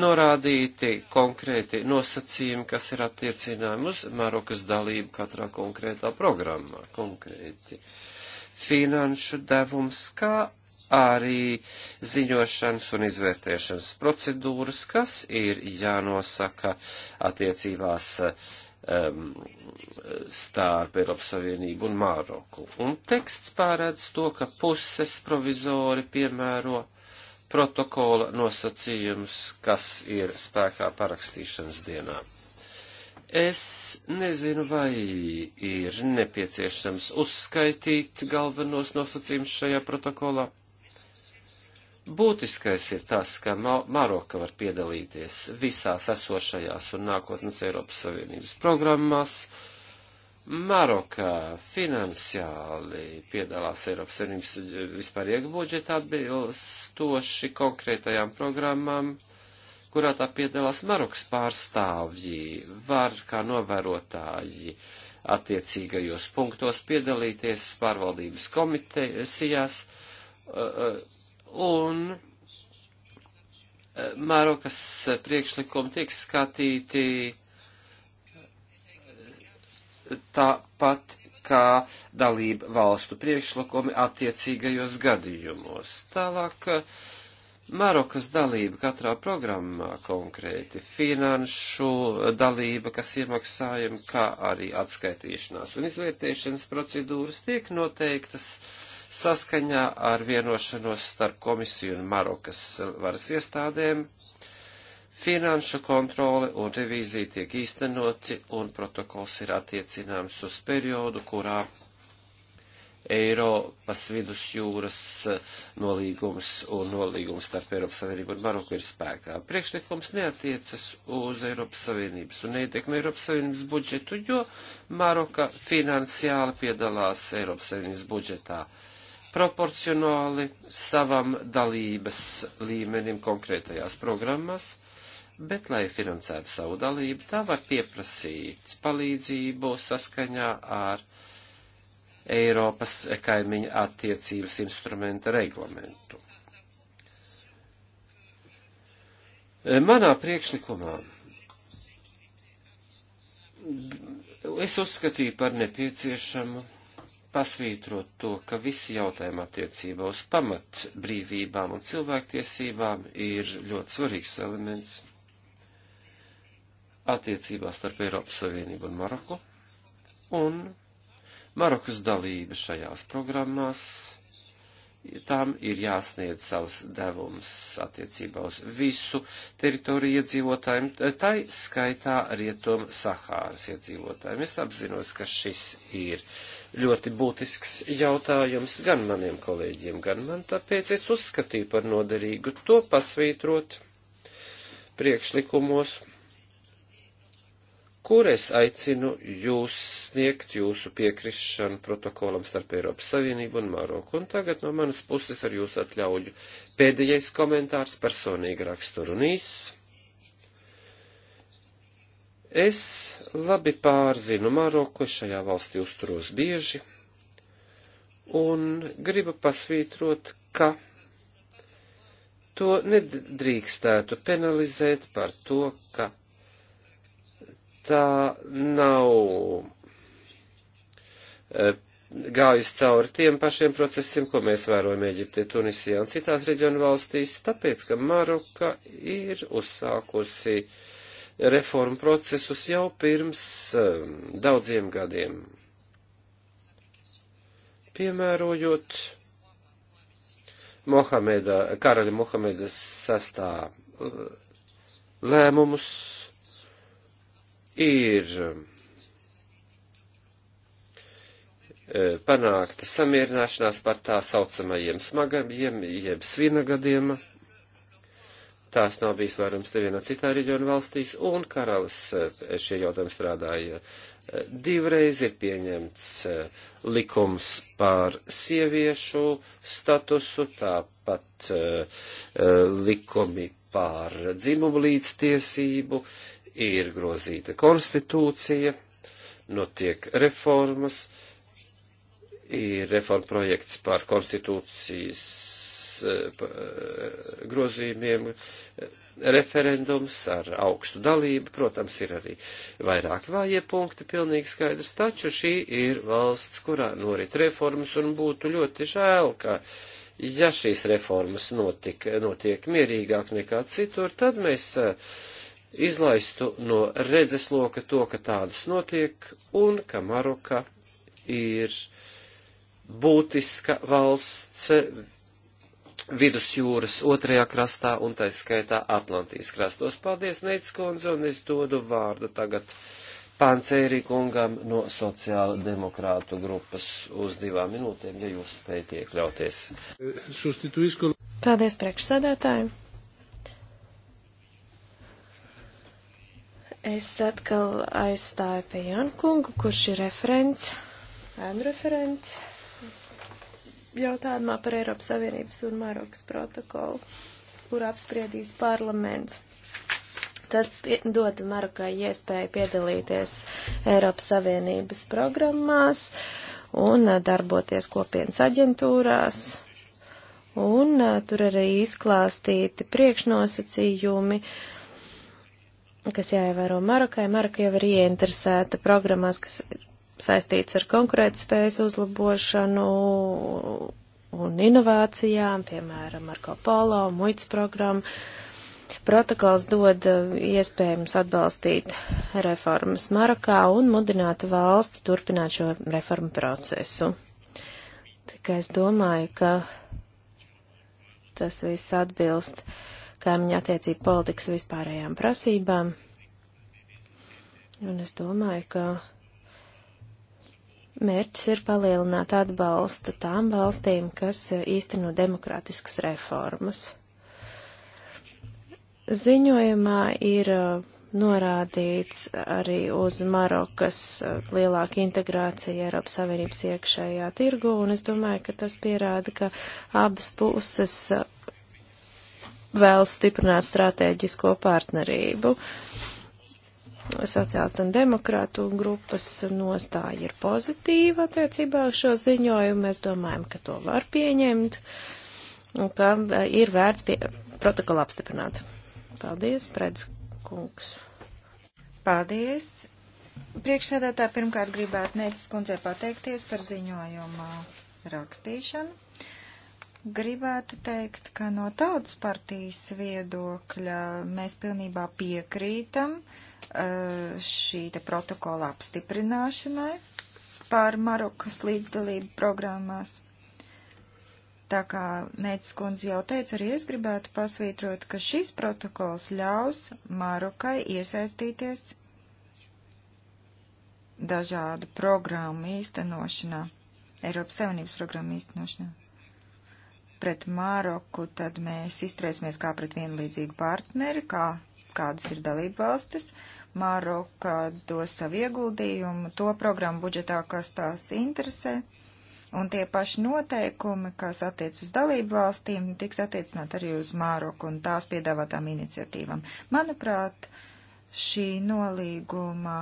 norādīti konkrēti nosacījumi, kas ir attiecinājumi uz Marokas dalību katrā konkrētā programmā. Konkrēti finanšu devums, kā arī ziņošanas un izvērtēšanas procedūras, kas ir jānosaka attiecībās um, starp Eiropas Savienību un Māroku. Un teksts pārēdz to, ka puses provizori piemēro protokola nosacījums, kas ir spēkā parakstīšanas dienā. Es nezinu, vai ir nepieciešams uzskaitīt galvenos nosacījumus šajā protokolā. Būtiskais ir tas, ka Maroka var piedalīties visās esošajās un nākotnes Eiropas Savienības programmās. Maroka finansiāli piedalās Eiropas Savienības vispārīga budžeta atbilstoši konkrētajām programmām, kurā tā piedalās Marokas pārstāvji, var kā novērotāji attiecīgajos punktos piedalīties pārvaldības komitejās. Uh, uh, un eh, Marokas eh, priekšlikumi tiek skatīti eh, tāpat kā dalība valstu priekšlikumi attiecīgajos gadījumos. Tālāk Marokas dalība katrā programmā konkrēti finanšu dalība, kas iemaksājama, kā arī atskaitīšanās un izvērtēšanas procedūras tiek noteiktas uh, saskaņā ar vienošanos starp komisiju un Marokas varas iestādēm. Finanšu kontrole un revīzija tiek īstenoti, un protokols ir attiecināms uz periodu, kurā Eiropas vidusjūras nolīgums un nolīgums starp Eiropas Savienību un Maroku ir spēkā. Priekšlikums neatiecas uz Eiropas Savienības un neietekmē Eiropas Savienības budžetu, jo Maroka finansiāli piedalās Eiropas Savienības budžetā. Uh, proporcionāli savam dalības līmenim konkrētajās programmās, bet, lai finansētu savu dalību, tā var pieprasīt palīdzību saskaņā ar Eiropas kaimiņa attiecības instrumenta reglamentu. Manā priekšlikumā es uzskatīju par nepieciešamu pasvītrot to, ka visi jautājumi attiecībā uz pamat brīvībām un cilvēktiesībām ir ļoti svarīgs elements attiecībā starp Eiropas Savienību un Maroku, un Marokas dalība šajās programmās, tām ir jāsniedz savs devums attiecībā uz visu teritoriju iedzīvotājiem, tai skaitā Rietum Sahāras iedzīvotājiem. Es apzinos, ka šis ir uh, ļoti būtisks jautājums gan maniem kolēģiem, gan man, tāpēc es uzskatīju par noderīgu to pasvītrot priekšlikumos, kur es aicinu jūs sniegt jūsu piekrišanu protokolam starp Eiropas Savienību un Maroku. Un tagad no manas puses ar jūsu atļauju pēdējais komentārs personīgi raksturu un īss. Es labi pārzinu Maroku, šajā valstī uzturos bieži, un gribu pasvītrot, ka to nedrīkstētu penalizēt par to, ka tā nav e, gājusi cauri tiem pašiem procesiem, ko mēs vērojam Eģiptē, Tunisijā un citās reģionu valstīs, tāpēc, ka Maroka ir uzsākusi uh, reformu procesus jau pirms um, daudziem gadiem. Piemērojot Mohameda, karaļa Mohameda sastā uh, lēmumus, ir um, uh, panākta samierināšanās par tā saucamajiem smagajiem, jeb svinagadiem tās nav bijis vairums nevienā citā reģiona valstīs, un karalis eh, šie jautājumi strādāja eh, divreiz ir pieņemts eh, likums par sieviešu statusu, tāpat likumi par dzimumu līdztiesību, ir grozīta konstitūcija, notiek reformas, ir reforma projekts par konstitūcijas Eh, eh, grozījumiem referendums ar augstu dalību. Protams, ir arī vairāk vājie punkti, pilnīgi skaidrs, taču šī ir valsts, kurā norit reformas un būtu ļoti žēl, ka. Ja šīs reformas notik, notiek mierīgāk nekā citur, tad mēs eh, izlaistu no redzesloka to, ka tādas notiek un ka Maroka ir būtiska valsts vidusjūras otrajā krastā un tā skaitā Atlantijas krastos. Paldies, Neits Kundze, un es dodu vārdu tagad Pancēri kungam no sociāla demokrātu grupas uz divām minūtēm, ja jūs spējat iekļauties. Paldies, priekšsēdētāji. Es atkal aizstāju pie Jankungu, kurš ir referents, ēnu referents. Es jautājumā par Eiropas Savienības un Marokas protokolu, kur apspriedīs parlaments. Tas dod Marokai iespēju piedalīties Eiropas Savienības programmās un uh, darboties kopienas aģentūrās. Un uh, tur arī izklāstīti priekšnosacījumi, kas jāievēro Marokai. Maroka jau ir ieinteresēta programmās, kas saistīts ar konkurētspējas uzlabošanu un inovācijām, piemēram, Marko Polo, muitas programmu. Protokols dod uh, iespējams atbalstīt reformas Marokā un mudināt valsti turpināt šo reformu procesu. Tikai es domāju, ka tas viss atbilst kaimiņa attiecību politikas vispārējām prasībām. Un es domāju, ka Mērķis ir palielināt atbalstu tām valstīm, kas eh, īsteno demokrātiskas reformas. Ziņojumā ir eh, norādīts arī uz Marokas eh, lielāku integrāciju Eiropas Savienības iekšējā tirgu, un es domāju, ka tas pierāda, ka abas puses vēl stiprināt stratēģisko partnerību. Uh, sociālistu un demokrātu grupas nostāja ir pozitīva attiecībā uz šo ziņojumu. Mēs domājam, ka to var pieņemt un ka eh, ir vērts pie protokola apstiprināt. Paldies, Predz kungs. Paldies. Priekšsēdētā pirmkārt gribētu Nēķis kundzei pateikties par ziņojumu rakstīšanu. Gribētu teikt, ka no tautas partijas viedokļa mēs pilnībā piekrītam uh, Eh, šī te protokola apstiprināšanai par Marokas līdzdalību programmās. Tā kā Neicis kundze jau teica, arī es gribētu pasvītrot, ka šis protokols ļaus Marokai iesaistīties dažādu programmu īstenošanā, Eiropas Savienības programmu īstenošanā. Pret Maroku tad mēs izturēsimies kā pret vienlīdzīgu partneri, kā kādas ir dalība valstis, uh, Maroka dos savu ieguldījumu to programmu budžetā, kas tās interesē, un tie paši noteikumi, kas attiec uz dalību valstīm, tiks attiecināt arī uz Maroku un tās piedāvātām iniciatīvām. Manuprāt, šī nolīguma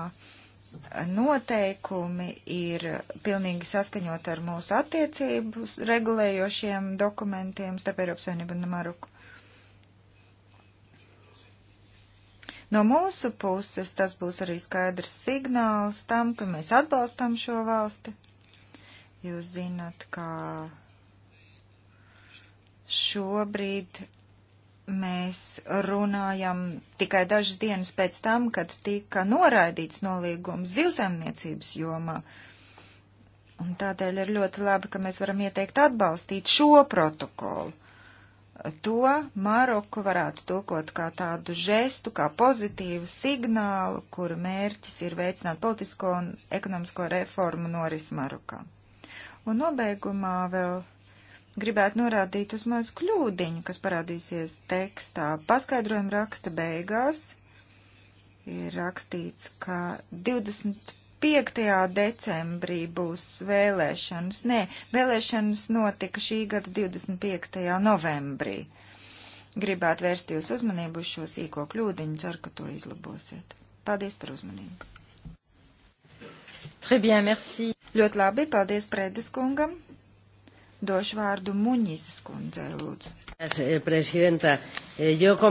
noteikumi ir pilnīgi saskaņot ar mūsu attiecības regulējošiem dokumentiem starp Eiropas Savienību un Maroku. No mūsu puses tas būs arī skaidrs signāls tam, ka mēs atbalstam šo valsti. Jūs zināt, ka šobrīd mēs runājam tikai dažas dienas pēc tam, kad tika noraidīts nolīgums zivsaimniecības jomā. Un tādēļ ir ļoti labi, ka mēs varam ieteikt atbalstīt šo protokolu to Maroku varētu tulkot kā tādu žestu, kā pozitīvu signālu, kura mērķis ir veicināt politisko un ekonomisko reformu noris Marokā. Un nobeigumā vēl gribētu norādīt uz mazu kļūdiņu, kas parādīsies tekstā. Paskaidrojuma raksta beigās ir rakstīts, ka 20 5. decembrī būs vēlēšanas. Nē, vēlēšanas notika šī gada 25. novembrī. Gribētu vērst jūs uzmanību uz šo sīko kļūdiņu, ceru, ka to izlabosiet. Paldies par uzmanību. Très bien, merci. Ļoti labi, paldies Prēdes kungam. Došu vārdu Muņīsas kundzei, lūdzu. Eh, eh,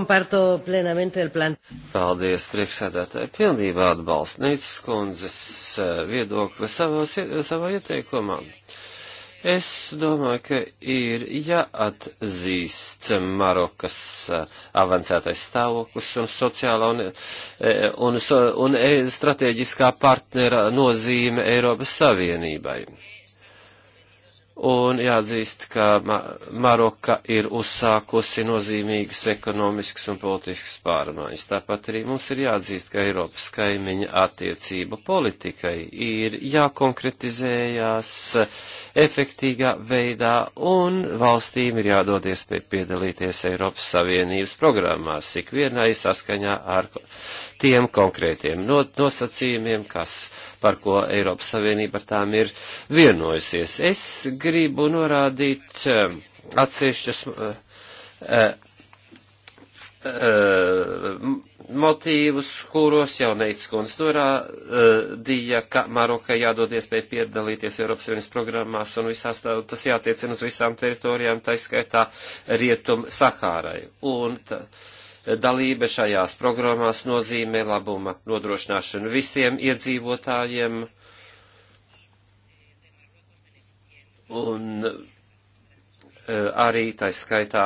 Paldies, priekšsēdētāji. Pilnībā atbalstu Neits kundzes eh, viedokli savos, savā ieteikumā. Es domāju, ka ir jāatzīst Marokas avansētais stāvoklis un sociālā un, un, un, un strateģiskā partnera nozīme Eiropas Savienībai Un jāatzīst, ka Maroka ir uzsākusi nozīmīgas ekonomiskas un politiskas pārmaiņas. Tāpat arī mums ir jāatzīst, ka Eiropas kaimiņa attiecība politikai ir jākonkretizējās efektīgā veidā un valstīm ir jādod iespēja piedalīties Eiropas Savienības programmās, ikvienai saskaņā ar tiem konkrētiem nosacījumiem, kas, par ko Eiropas Savienība ar tām ir vienojusies. Es gribu norādīt um, atsevišķas uh, uh, motīvus, kuros jau Neits Kunds norādīja, ka Marokai jādod iespēju piedalīties Eiropas Savienības programmās un visās, tas jātiecina uz visām teritorijām, taiskaitā Rietum Sahārai. Un tā, uh, dalība šajās programmās nozīmē labuma nodrošināšanu visiem iedzīvotājiem. Un e, arī tā skaitā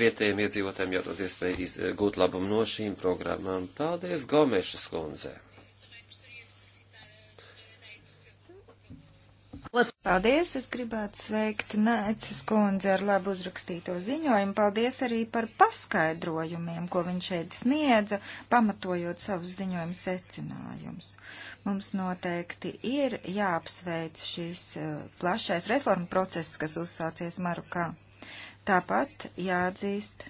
vietējiem iedzīvotājiem jādod iespēju gūt labumu no šīm programmām. Paldies, Gomešas kundzei! Paldies! Es gribētu sveikt Nēcis kundzi ar labu uzrakstīto ziņojumu. Paldies arī par paskaidrojumiem, ko viņš šeit sniedza, pamatojot savus ziņojumu secinājumus. Mums noteikti ir jāapsveic šis eh, plašais reformu process, kas uzsācies Marukā. Tāpat jāatzīst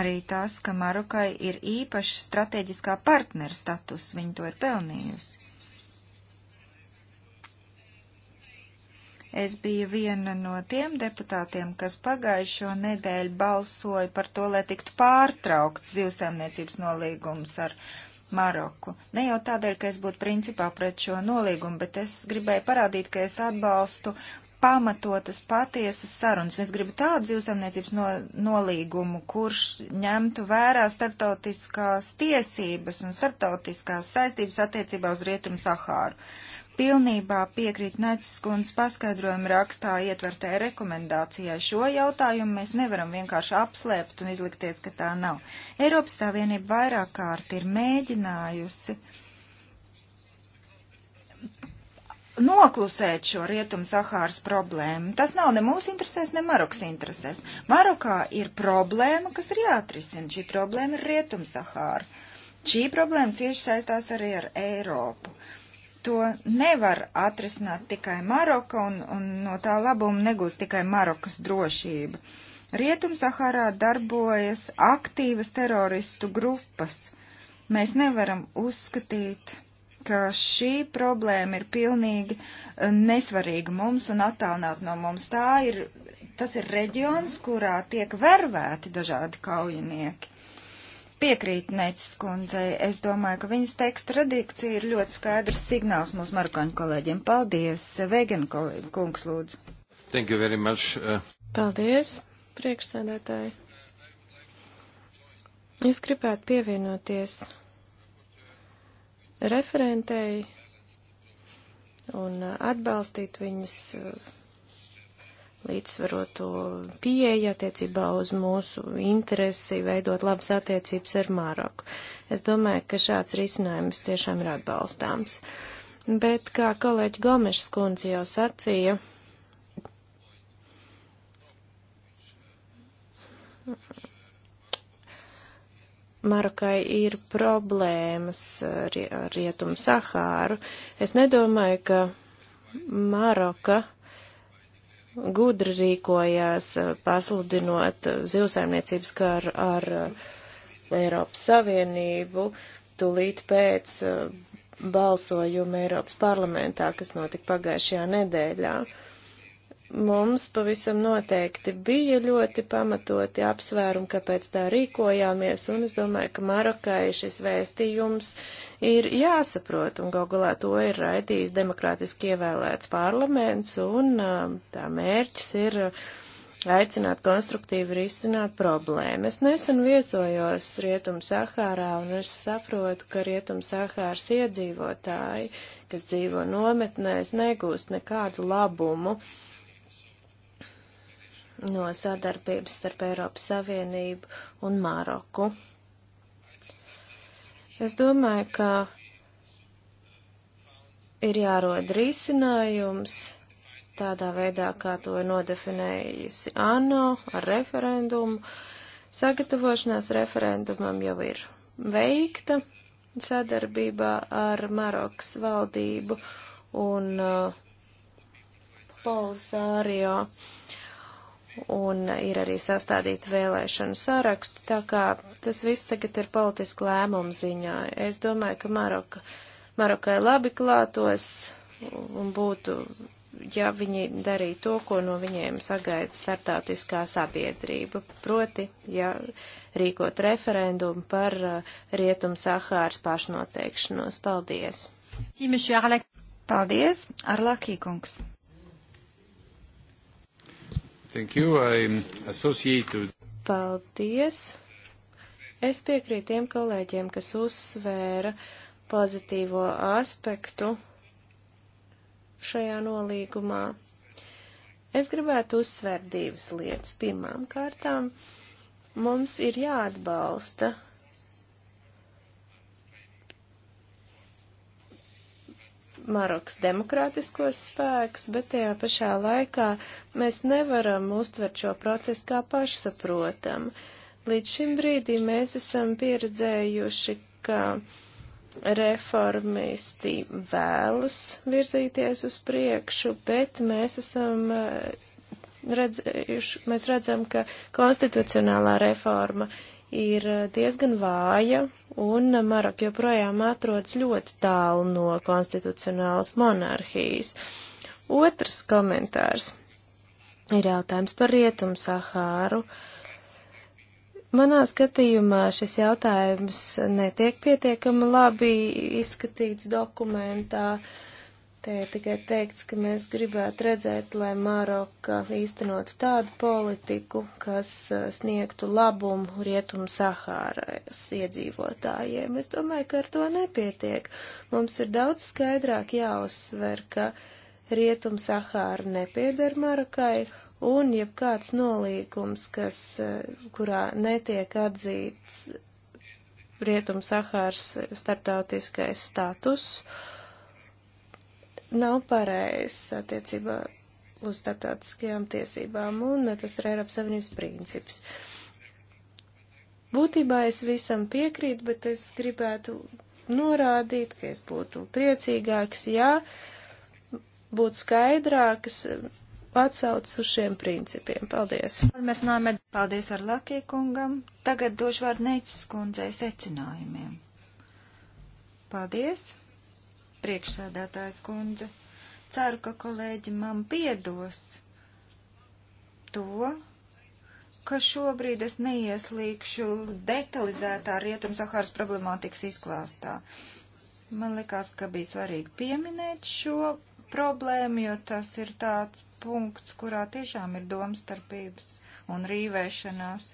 arī tas, ka Marukai ir īpašs strateģiskā partnera status, viņa to ir pelnījusi. Es biju viena no tiem deputātiem, kas pagājušo nedēļu balsoja par to, lai tiktu pārtraukts zivsēmniecības nolīgums ar Maroku. Ne jau tādēļ, ka es būtu principā pret šo nolīgumu, bet es gribēju parādīt, ka es atbalstu pamatotas patiesas sarunas. Es gribu tādu zivsaimniecības no, nolīgumu, kurš ņemtu vērā starptautiskās tiesības un starptautiskās saistības attiecībā uz Rietumu Sahāru pilnībā piekrīt Necis kundzes paskaidrojuma rakstā ietvertē rekomendācijai. Šo jautājumu mēs nevaram vienkārši apslēpt un izlikties, ka tā nav. Eiropas Savienība vairāk kārt ir mēģinājusi noklusēt šo rietumu Sahāras problēmu. Tas nav ne mūsu interesēs, ne Marokas interesēs. Marokā ir problēma, kas ir jāatrisina. Šī problēma ir rietumu Sahāra. Šī problēma cieši saistās arī ar Eiropu. Uh, to nevar atrisināt tikai Maroka, un, un no tā labuma negūs tikai Marokas drošība. Rietum-Sahārā darbojas aktīvas teroristu grupas. Mēs nevaram uzskatīt, ka šī problēma ir pilnīgi e, nesvarīga mums un attālināt no mums. Tā ir, tas ir reģions, kurā tiek vervēti dažādi kaujinieki piekrīt Neķis kundzei. Es domāju, ka viņas teksta redakcija ir ļoti skaidrs signāls mūsu marokāņu kolēģiem. Paldies, Vegan kungs, lūdzu. Thank you very much. Uh... Paldies, priekšsēdētāji. Es gribētu pievienoties referentei un atbalstīt viņas uh, līdzsvaroto pieeja attiecībā uz mūsu interesi veidot labas attiecības ar Māroku. Es domāju, ka šāds risinājums tiešām ir atbalstāms. Bet, kā kolēģi Gomešs kundze jau sacīja, Marokai ir problēmas ar Rietumu Sahāru. Es nedomāju, ka Maroka gudri rīkojās, eh, pasludinot eh, zivsaimniecības karu ar eh, Eiropas Savienību, tūlīt pēc balsojuma Eiropas parlamentā, kas notika pagājušajā nedēļā. Uh, mums pavisam noteikti bija ļoti pamatoti apsvērumi, kāpēc tā rīkojāmies, un es domāju, ka Marokai šis vēstījums ir jāsaprot, un gaugulā to ir raidījis demokrātiski ievēlēts parlaments, un um, tā mērķis ir aicināt konstruktīvi risināt problēmas. Nesen viesojos Rietum Sahārā, un es saprotu, ka Rietum Sahāras iedzīvotāji, kas dzīvo nometnēs, negūst nekādu labumu no sadarbības starp Eiropas Savienību un Māroku. Es domāju, ka ir jārod risinājums tādā veidā, kā to ir nodefinējusi ANO ar referendumu. Sagatavošanās referendumam jau ir veikta sadarbībā ar Marokas valdību un uh, Polisārio. Uh, un ir arī sastādīta vēlēšanu sarakstu, tā kā tas viss tagad ir politiski lēmumu ziņā. Es domāju, ka Maroka, Marokai labi klātos un būtu, ja viņi darītu to, ko no viņiem sagaida startautiskā sabiedrība, proti, ja rīkot referendumu par uh, Rietum Sahāras pašnoteikšanos. Paldies! Paldies, Arlakī kungs! Thank you. I'm associated. Paldies. Es piekrītu tiem kolēģiem, kas uzsvēra pozitīvo aspektu šajā nolīgumā. Es gribētu uzsvērt divas lietas. Pirmām kārtām mums ir jāatbalsta Marokas demokrātiskos spēkus, bet tajā pašā laikā mēs nevaram uztvert šo procesu kā pašsaprotam. Līdz šim brīdim mēs esam pieredzējuši, ka reformisti vēlas virzīties uz priekšu, bet mēs esam eh, redzējuši, mēs redzam, ka konstitucionālā reforma ir eh, diezgan vāja, un Maroka joprojām atrodas ļoti tālu no konstitucionālas monarhijas. Otrs komentārs ir jautājums par rietumu Sahāru. Manā skatījumā šis jautājums netiek pietiekami labi izskatīts dokumentā. Uh, Te ir tikai teikts, ka mēs gribētu redzēt, lai Maroka īstenotu tādu politiku, kas sniegtu labumu Rietumu Sahāras iedzīvotājiem. Es domāju, ka ar to nepietiek. Mums ir daudz skaidrāk jāuzsver, ka Rietumu Sahāra nepieder Marokai, un ja kāds nolīgums, kas, kurā netiek atzīts Rietumu Sahāras starptautiskais status, uh, nav pareizs attiecībā uz starptautiskajām tiesībām, un tas ir Eiropas Savienības princips. Būtībā es visam piekrītu, bet es gribētu norādīt, ka es būtu priecīgāks, ja būtu skaidrākas atsaucas uz šiem principiem. Paldies! Paldies ar Lakī kungam. Tagad došu vārdu Neicis kundzei secinājumiem. Paldies! priekšsēdētājs kundze. Ceru, ka kolēģi man piedos to, ka šobrīd es neieslīgšu detalizētā Rietumsaharas problemātikas izklāstā. Man likās, ka bija svarīgi pieminēt šo problēmu, jo tas ir tāds punkts, kurā tiešām ir domstarpības un rīvēšanās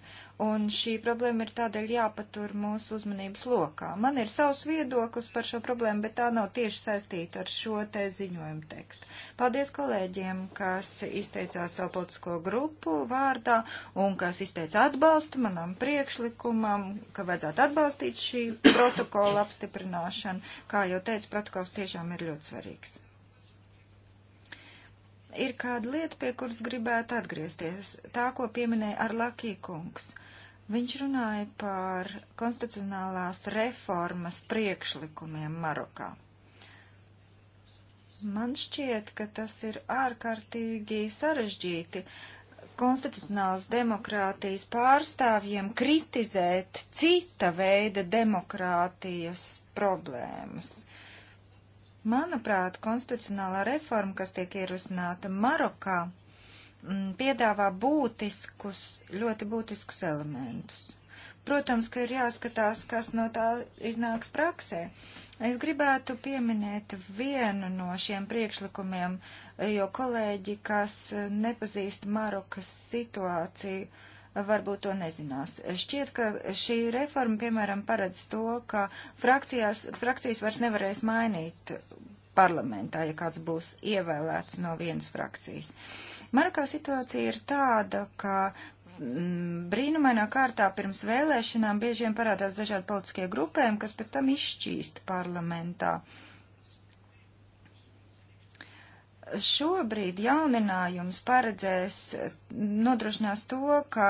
un šī problēma ir tādēļ jāpatur mūsu uzmanības lokā. Man ir savs viedoklis par šo problēmu, bet tā nav tieši saistīta ar šo te ziņojumu tekstu. Paldies kolēģiem, kas izteicās savu politisko grupu vārdā un kas izteica atbalstu manam priekšlikumam, ka vajadzētu atbalstīt šī protokola apstiprināšanu. Kā jau teicu, protokols tiešām ir ļoti svarīgs ir kāda lieta, pie kuras gribētu atgriezties, tā, ko pieminēja Arlakī kungs. Viņš runāja par konstitucionālās reformas priekšlikumiem Marokā. Man šķiet, ka tas ir ārkārtīgi sarežģīti konstitucionālas demokrātijas pārstāvjiem kritizēt cita veida demokrātijas problēmas. Manuprāt, konstitucionālā reforma, kas tiek ierosināta Marokā, Mm, piedāvā būtiskus, ļoti būtiskus elementus. Protams, ka ir jāskatās, kas no tā iznāks praksē. Es gribētu pieminēt vienu no šiem priekšlikumiem, jo kolēģi, kas nepazīst Marokas situāciju, varbūt to nezinās. Šķiet, ka šī reforma, piemēram, paredz to, ka frakcijās, frakcijas vairs nevarēs mainīt parlamentā, ja kāds būs ievēlēts no vienas frakcijas. Uh, Marokā situācija ir tāda, ka mm, brīnumainā kārtā pirms vēlēšanām bieži vien parādās dažādi politiskie grupējumi, kas pēc tam izšķīst parlamentā. Uh, šobrīd jauninājums paredzēs, nodrošinās to, ka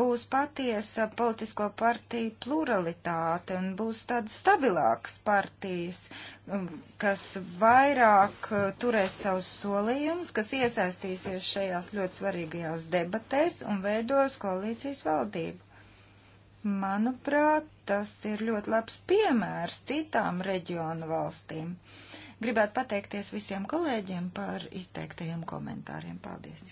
būs patiesa politisko partiju pluralitāte un būs tādas stabilākas partijas, um, kas vairāk uh, turēs savus solījumus, kas iesaistīsies šajās ļoti svarīgajās debatēs un veidos koalīcijas valdību. Manuprāt, tas ir ļoti labs piemērs citām reģionu valstīm. Uh, Gribētu pateikties visiem kolēģiem par izteiktajiem komentāriem. Paldies!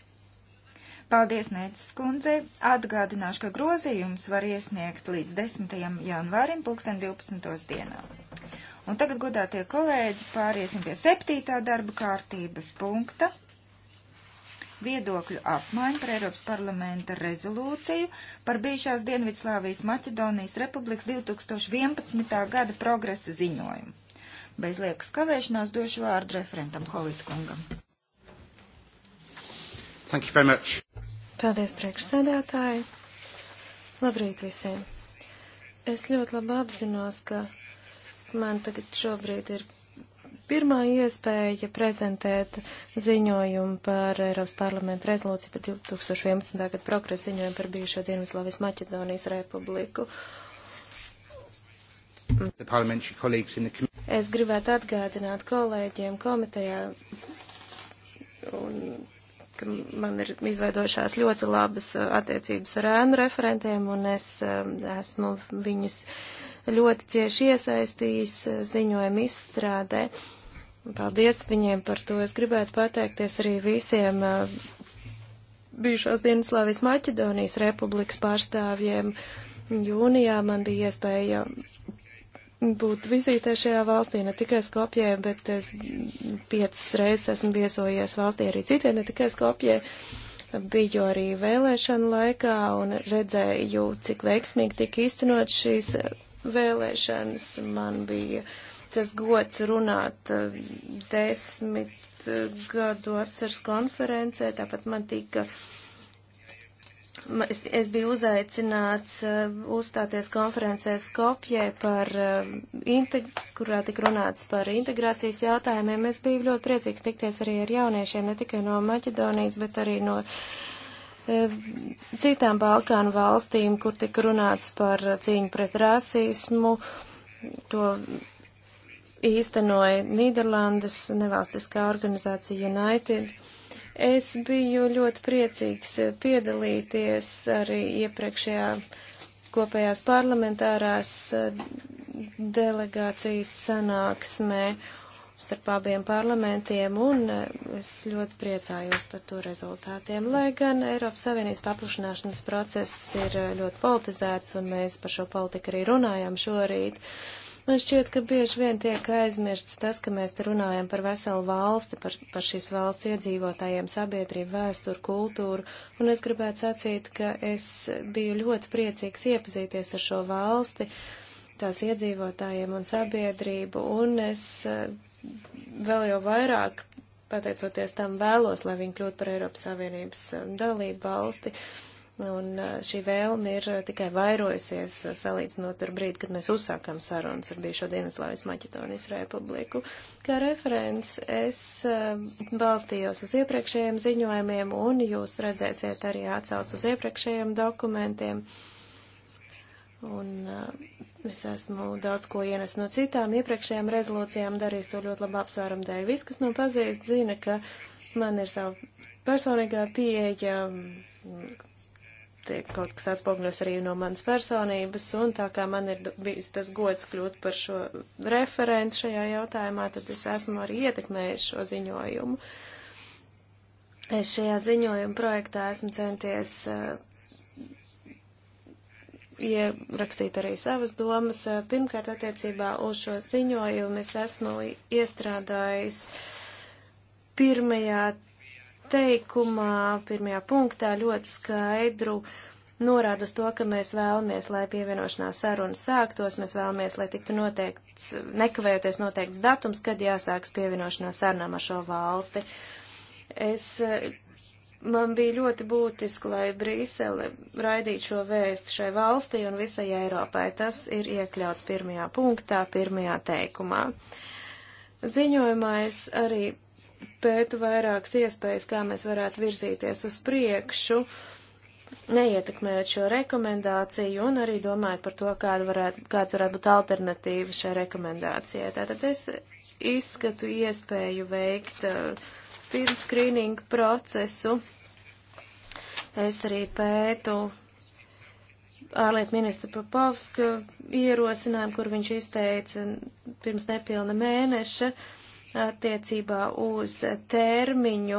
Paldies, Nēcis kundze. Atgādināšu, ka grozījums var iesniegt līdz 10. janvārim 2012. dienā. Un tagad, godātie kolēģi, pāriesim pie 7. darba kārtības punkta. Viedokļu apmaiņa par Eiropas parlamenta rezolūciju par bijušās Dienvidslāvijas Maķedonijas republikas 2011. gada progresa ziņojumu. Bez liekas kavēšanās došu vārdu referentam Holitkungam. Thank you very much. Paldies, priekšsēdētāji. Labrīt visiem. Es ļoti labi apzinos, ka man tagad šobrīd ir pirmā iespēja prezentēt ziņojumu par Eiropas parlamentu rezolūciju par 2011. gadu progresu ziņojumu par bijušo Dienvidslāvijas Maķedonijas republiku. Uh, Es gribētu atgādināt kolēģiem komitejā, un, ka man ir izveidojušās ļoti labas uh, attiecības ar ēnu referentiem, un es um, esmu viņus ļoti cieši iesaistījis uh, ziņojumu izstrādē. Paldies viņiem par to. Es gribētu pateikties arī visiem uh, bijušās Dienaslāvijas Maķedonijas republikas pārstāvjiem. Jūnijā man bija iespēja būt vizītē šajā valstī, ne tikai Skopjē, bet es piecas reizes esmu viesojies valstī arī citiem, ne tikai Skopjē. Biju arī vēlēšanu laikā un redzēju, cik veiksmīgi tika īstenot šīs vēlēšanas. Man bija tas gods runāt eh, desmit eh, gadu atceras konferencē, tāpat man tika uh, es, es biju uzaicināts uh, uzstāties konferencē Skopjē par, uh, kurā tik runāts par integrācijas jautājumiem. Es biju ļoti priecīgs tikties arī ar jauniešiem, ne tikai no Maķedonijas, bet arī no uh, citām Balkānu valstīm, kur tika runāts par cīņu pret rasismu. To īstenoja Nīderlandes nevalstiskā organizācija United. Es biju ļoti priecīgs piedalīties arī iepriekšējā kopējās parlamentārās eh, delegācijas sanāksmē starp abiem parlamentiem, un eh, es ļoti priecājos par to rezultātiem. Lai gan Eiropas Savienības paplašanāšanas process ir eh, ļoti politizēts, un mēs par šo politiku arī runājām šorīt, uh, Man šķiet, ka bieži vien tiek aizmirsts tas, ka mēs te runājam par veselu valsti, par, par šīs valsts iedzīvotājiem, sabiedrību, vēsturu, kultūru, un es gribētu sacīt, ka es biju ļoti priecīgs iepazīties ar šo valsti, tās iedzīvotājiem un sabiedrību, un es eh, vēl jau vairāk, pateicoties tam, vēlos, lai viņi kļūtu par Eiropas Savienības eh, dalību valsti. Uh, Un uh, šī vēlme ir uh, tikai vairojusies uh, salīdzinot ar brīdi, kad mēs uzsākām sarunas ar bijušo Dienaslāvijas Maķedonijas republiku. Kā referents es balstījos uz iepriekšējiem ziņojumiem, un jūs redzēsiet arī atsauc uz iepriekšējiem dokumentiem. Un es esmu daudz ko ienes no citām iepriekšējām rezolūcijām, darījis to ļoti labu apsvērumu dēļ. Viss, kas man pazīst, zina, ka man ir savu personīgā pieeja tiek kaut kas atspoguļos arī no manas personības, un tā kā man ir bijis tas gods kļūt par šo referentu šajā jautājumā, tad es esmu arī ietekmējis šo ziņojumu. Es šajā ziņojuma projektā esmu centies uh, ierakstīt arī savas domas. Uh, pirmkārt, attiecībā uz šo ziņojumu es esmu iestrādājis pirmajā teikumā, pirmajā punktā ļoti skaidru norāda uz to, ka mēs vēlamies, lai pievienošanās saruna sāktos, mēs vēlamies, lai tiktu noteikts, nekavējoties noteikts datums, kad jāsāks pievienošanās sarunām ar šo valsti. Es, man bija ļoti būtiski, lai Brīsele raidītu šo vēstu šai valstī un visai Eiropai. Tas ir iekļauts pirmajā punktā, pirmajā teikumā. Ziņojumā es arī pētu vairākas iespējas, kā mēs varētu virzīties uz priekšu, neietekmējot šo rekomendāciju un arī domāju par to, kāda varētu, kāds varētu būt alternatīva šai rekomendācijai. Tātad es izskatu iespēju veikt uh, pirms skrīningu procesu. Es arī pētu ārlietu ministra Papovska ierosinājumu, kur viņš izteica pirms nepilna mēneša attiecībā uz termiņu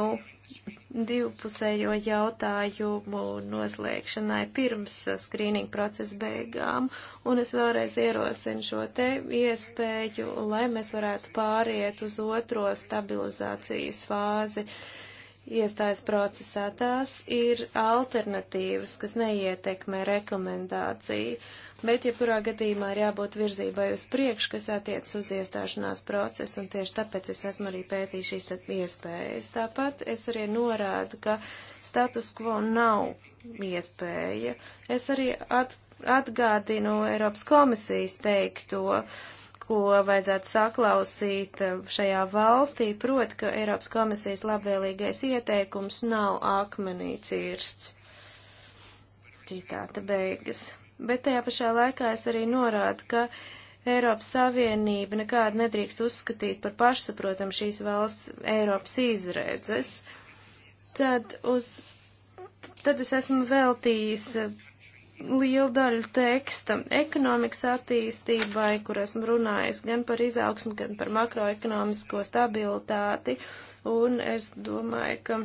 divpusējo jautājumu noslēgšanai pirms skrīninga procesa beigām, un es vēlreiz ierosinu šo te iespēju, lai mēs varētu pāriet uz otro stabilizācijas fāzi iestājas procesā. Tās ir alternatīvas, kas neietekmē rekomendāciju bet jebkurā ja gadījumā ir jābūt virzībai uz priekšu, kas attiec uz iestāšanās procesu, un tieši tāpēc es esmu arī pētījis šīs iespējas. Tāpat es arī norādu, ka status quo nav iespēja. Es arī at, atgādinu Eiropas komisijas teikto ko vajadzētu saklausīt šajā valstī, proti, ka Eiropas komisijas labvēlīgais ieteikums nav akmenī cirsts. Citāta beigas bet tajā pašā laikā es arī norādu, ka Eiropas Savienība nekādu nedrīkst uzskatīt par pašsaprotam šīs valsts Eiropas izredzes. Tad, uz, tad es esmu veltījis eh, lielu daļu teksta ekonomikas attīstībai, kur esmu runājis gan par izaugsmu, gan par makroekonomisko stabilitāti, un es domāju, ka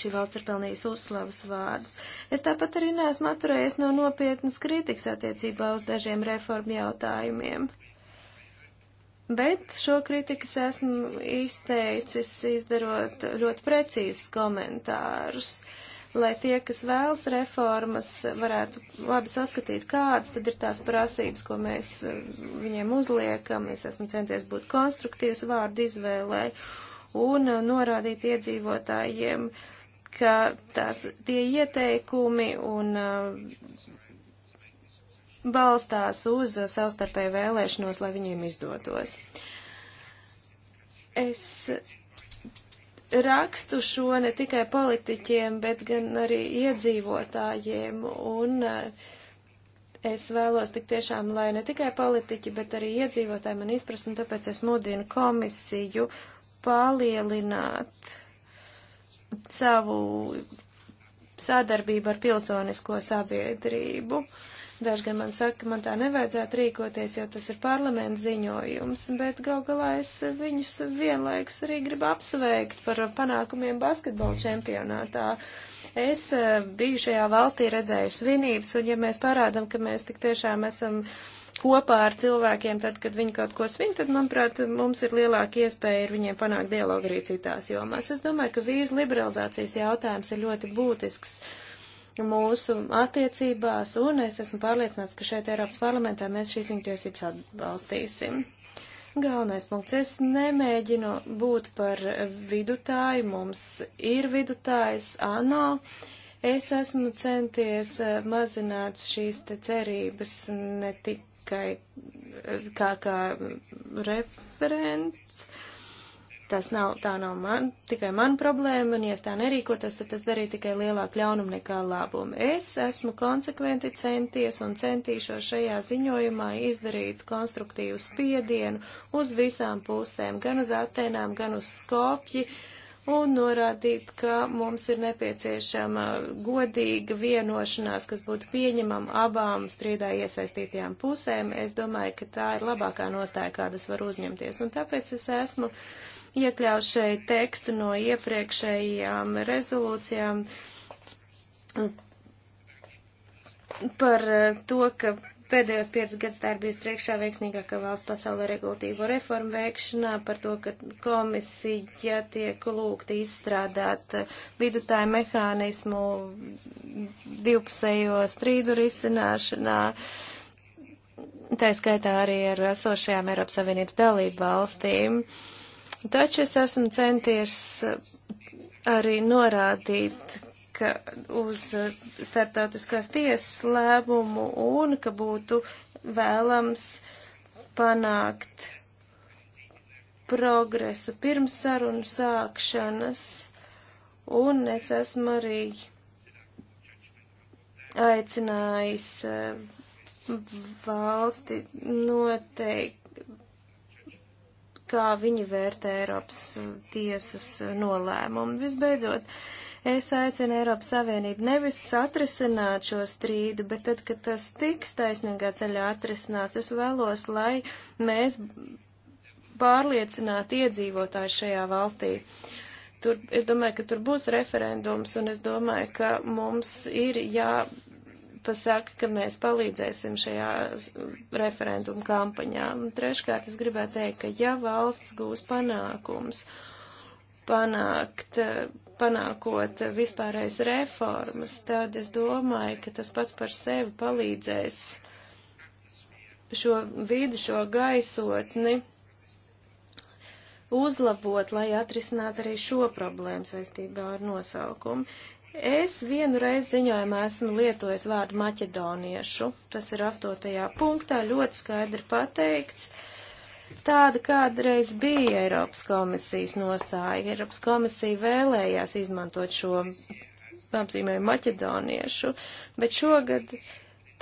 Šī valsts ir pelnījusi uzslavas vārdus. Es tāpat arī neesmu atturējies no nopietnas kritikas attiecībā uz dažiem reformu jautājumiem. Bet šo kritikas esmu izteicis, izdarot ļoti precīzus komentārus. Uh, lai tie, kas vēlas reformas, varētu labi saskatīt, kādas tad ir tās prasības, ko mēs eh, viņiem uzliekam. Es esmu centies būt konstruktīvs vārdu izvēlē un eh, norādīt iedzīvotājiem, uh, ka tās, tie ieteikumi un uh, balstās uz savstarpēju vēlēšanos, lai viņiem izdotos. Es rakstu šo ne tikai politiķiem, bet gan arī iedzīvotājiem. Un uh, es vēlos tik tiešām, lai ne tikai politiķi, bet arī iedzīvotāji man izprast, un tāpēc es mudinu komisiju palielināt savu sadarbību ar pilsonisko sabiedrību. Daži gan man saka, man tā nevajadzētu rīkoties, jo tas ir parlaments ziņojums, bet gal galā es viņus vienlaikus arī gribu apsveikt par panākumiem basketbola čempionātā. Es eh, biju šajā valstī redzējuši svinības, un ja mēs parādam, ka mēs tik tiešām esam uh, kopā ar cilvēkiem, tad, kad viņi kaut ko svin, tad, manuprāt, mums ir lielāka iespēja ar viņiem panākt dialogu arī citās jomās. Es domāju, ka vīzu liberalizācijas jautājums ir ļoti būtisks mūsu attiecībās, un es esmu pārliecināts, ka šeit Eiropas parlamentā mēs šīs viņa tiesības atbalstīsim. Galvenais punkts. Es nemēģinu būt par vidutāju. Mums ir vidutājs ANO. Es esmu centies eh, mazināt šīs te cerības ne tik tikai eh, kā, kā referents. Tas nav, tā nav man, tikai mana problēma, un ja es tā nerīkotos, tad tas darīja tikai lielāku ļaunumu nekā labumu. Es esmu konsekventi centies un centīšos šajā ziņojumā izdarīt konstruktīvu spiedienu uz visām pusēm, gan uz Atenām, gan uz Skopju un norādīt, ka mums ir nepieciešama godīga vienošanās, kas būtu pieņemama abām strīdā iesaistītajām pusēm. Es domāju, ka tā ir labākā nostāja, kādas var uzņemties. Un tāpēc es esmu iekļaus šeit tekstu no iepriekšējām rezolūcijām par to, ka Pēdējos piecus gadus tā ir bijusi trešā veiksmīgākā valsts pasaulē regulatīvo reformu veikšanā par to, ka komisija tiek lūgta izstrādāt eh, vidutāju mehānismu divpusējo strīdu risināšanā. Tā skaitā arī ar esošajām Eiropas Savienības dalību valstīm. Taču es esmu centies arī norādīt, ka uz starptautiskās tiesas lēmumu un ka būtu vēlams panākt progresu pirms sarunu sākšanas, un es esmu arī aicinājis eh, valsti noteikti, kā viņi vērtē Eiropas tiesas eh, nolēmumu. Visbeidzot, uh, Es aicinu Eiropas Savienību nevis atrisināt šo strīdu, bet tad, kad tas tiks taisnīgā ceļā atrisināts, es vēlos, lai mēs pārliecinātu iedzīvotājus šajā valstī. Tur, es domāju, ka tur būs referendums, un es domāju, ka mums ir jāpasaka, ka mēs palīdzēsim šajā referenduma kampaņā. Un treškārt, es gribētu teikt, ka ja valsts gūs panākums, panākt panākot vispārreiz reformas, tad es domāju, ka tas pats par sevi palīdzēs šo vidi, šo gaisotni uzlabot, lai atrisinātu arī šo problēmu saistībā ar nosaukumu. Es vienu reizi ziņojumā esmu lietojis vārdu maķedoniešu. Tas ir astotajā punktā ļoti skaidri pateikts. Uh, tāda kādreiz bija Eiropas komisijas nostāja. Eiropas komisija vēlējās izmantot šo apzīmēju maķedoniešu, bet šogad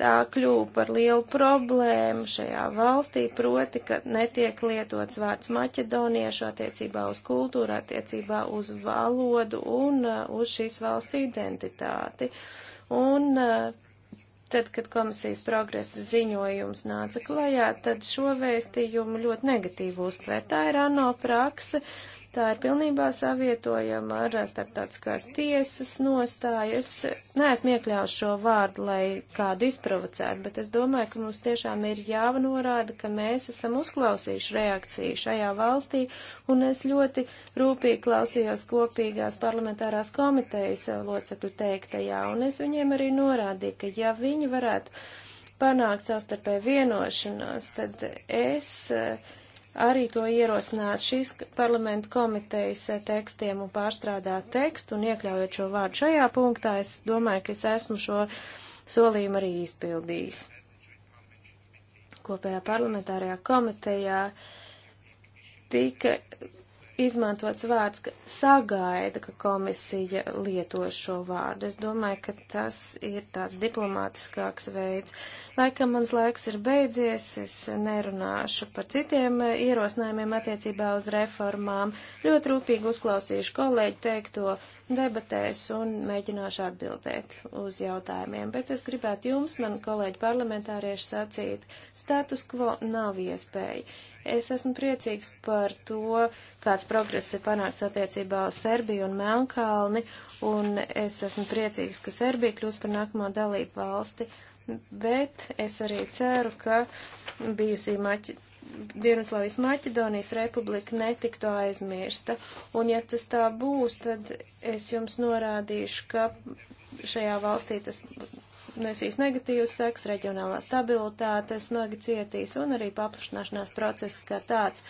tā kļūpa par lielu problēmu šajā valstī, proti, ka netiek lietots vārds maķedoniešu attiecībā uz kultūru, attiecībā uz valodu un uh, uz šīs valsts identitāti. Un uh, Tad, kad komisijas progresa ziņojums nāca klajā, tad šo vēstījumu ļoti negatīvi uztver. Tā ir ANO prakse, Tā ir pilnībā savietojama ar starptautiskās tiesas nostāju. Es neesmu iekļāvis šo vārdu, lai kādu izprovocētu, bet es domāju, ka mums tiešām ir jānorāda, ka mēs esam uzklausījuši reakciju šajā valstī, un es ļoti rūpīgi klausījos kopīgās parlamentārās komitejas locekļu teiktajā, un es viņiem arī norādīju, ka ja viņi varētu panākt savstarpēju vienošanos, tad es uh, arī to ierosināt šīs parlamenta komitejas tekstiem un pārstrādāt tekstu un iekļaujot šo vārdu šajā punktā, es domāju, ka es esmu šo solījumu arī izpildījis. Kopējā parlamentārajā komitejā tika izmantots vārds, ka sagaida, ka komisija lieto šo vārdu. Es domāju, ka tas ir tāds diplomātiskāks veids. Laikam mans laiks ir beidzies, es nerunāšu par citiem eh, ierosinājumiem attiecībā uz reformām. Ļoti rūpīgi uzklausīšu kolēģu teikto debatēs un mēģināšu atbildēt uz jautājumiem, bet es gribētu jums, man kolēģi parlamentārieši, sacīt, status quo nav iespēja Es esmu priecīgs par to, kāds progress ir panākts attiecībā uz Serbiju un Melnkalni, un es esmu priecīgs, ka Serbija kļūs par nākamo dalību valsti, bet es arī ceru, ka bijusī Maķi... Dienvidslāvijas Maķedonijas republika netiktu aizmirsta, un ja tas tā būs, tad es jums norādīšu, ka šajā valstī tas nesīs negatīvas seks, reģionālā stabilitāte smagi cietīs un arī paplašināšanās process kā tāds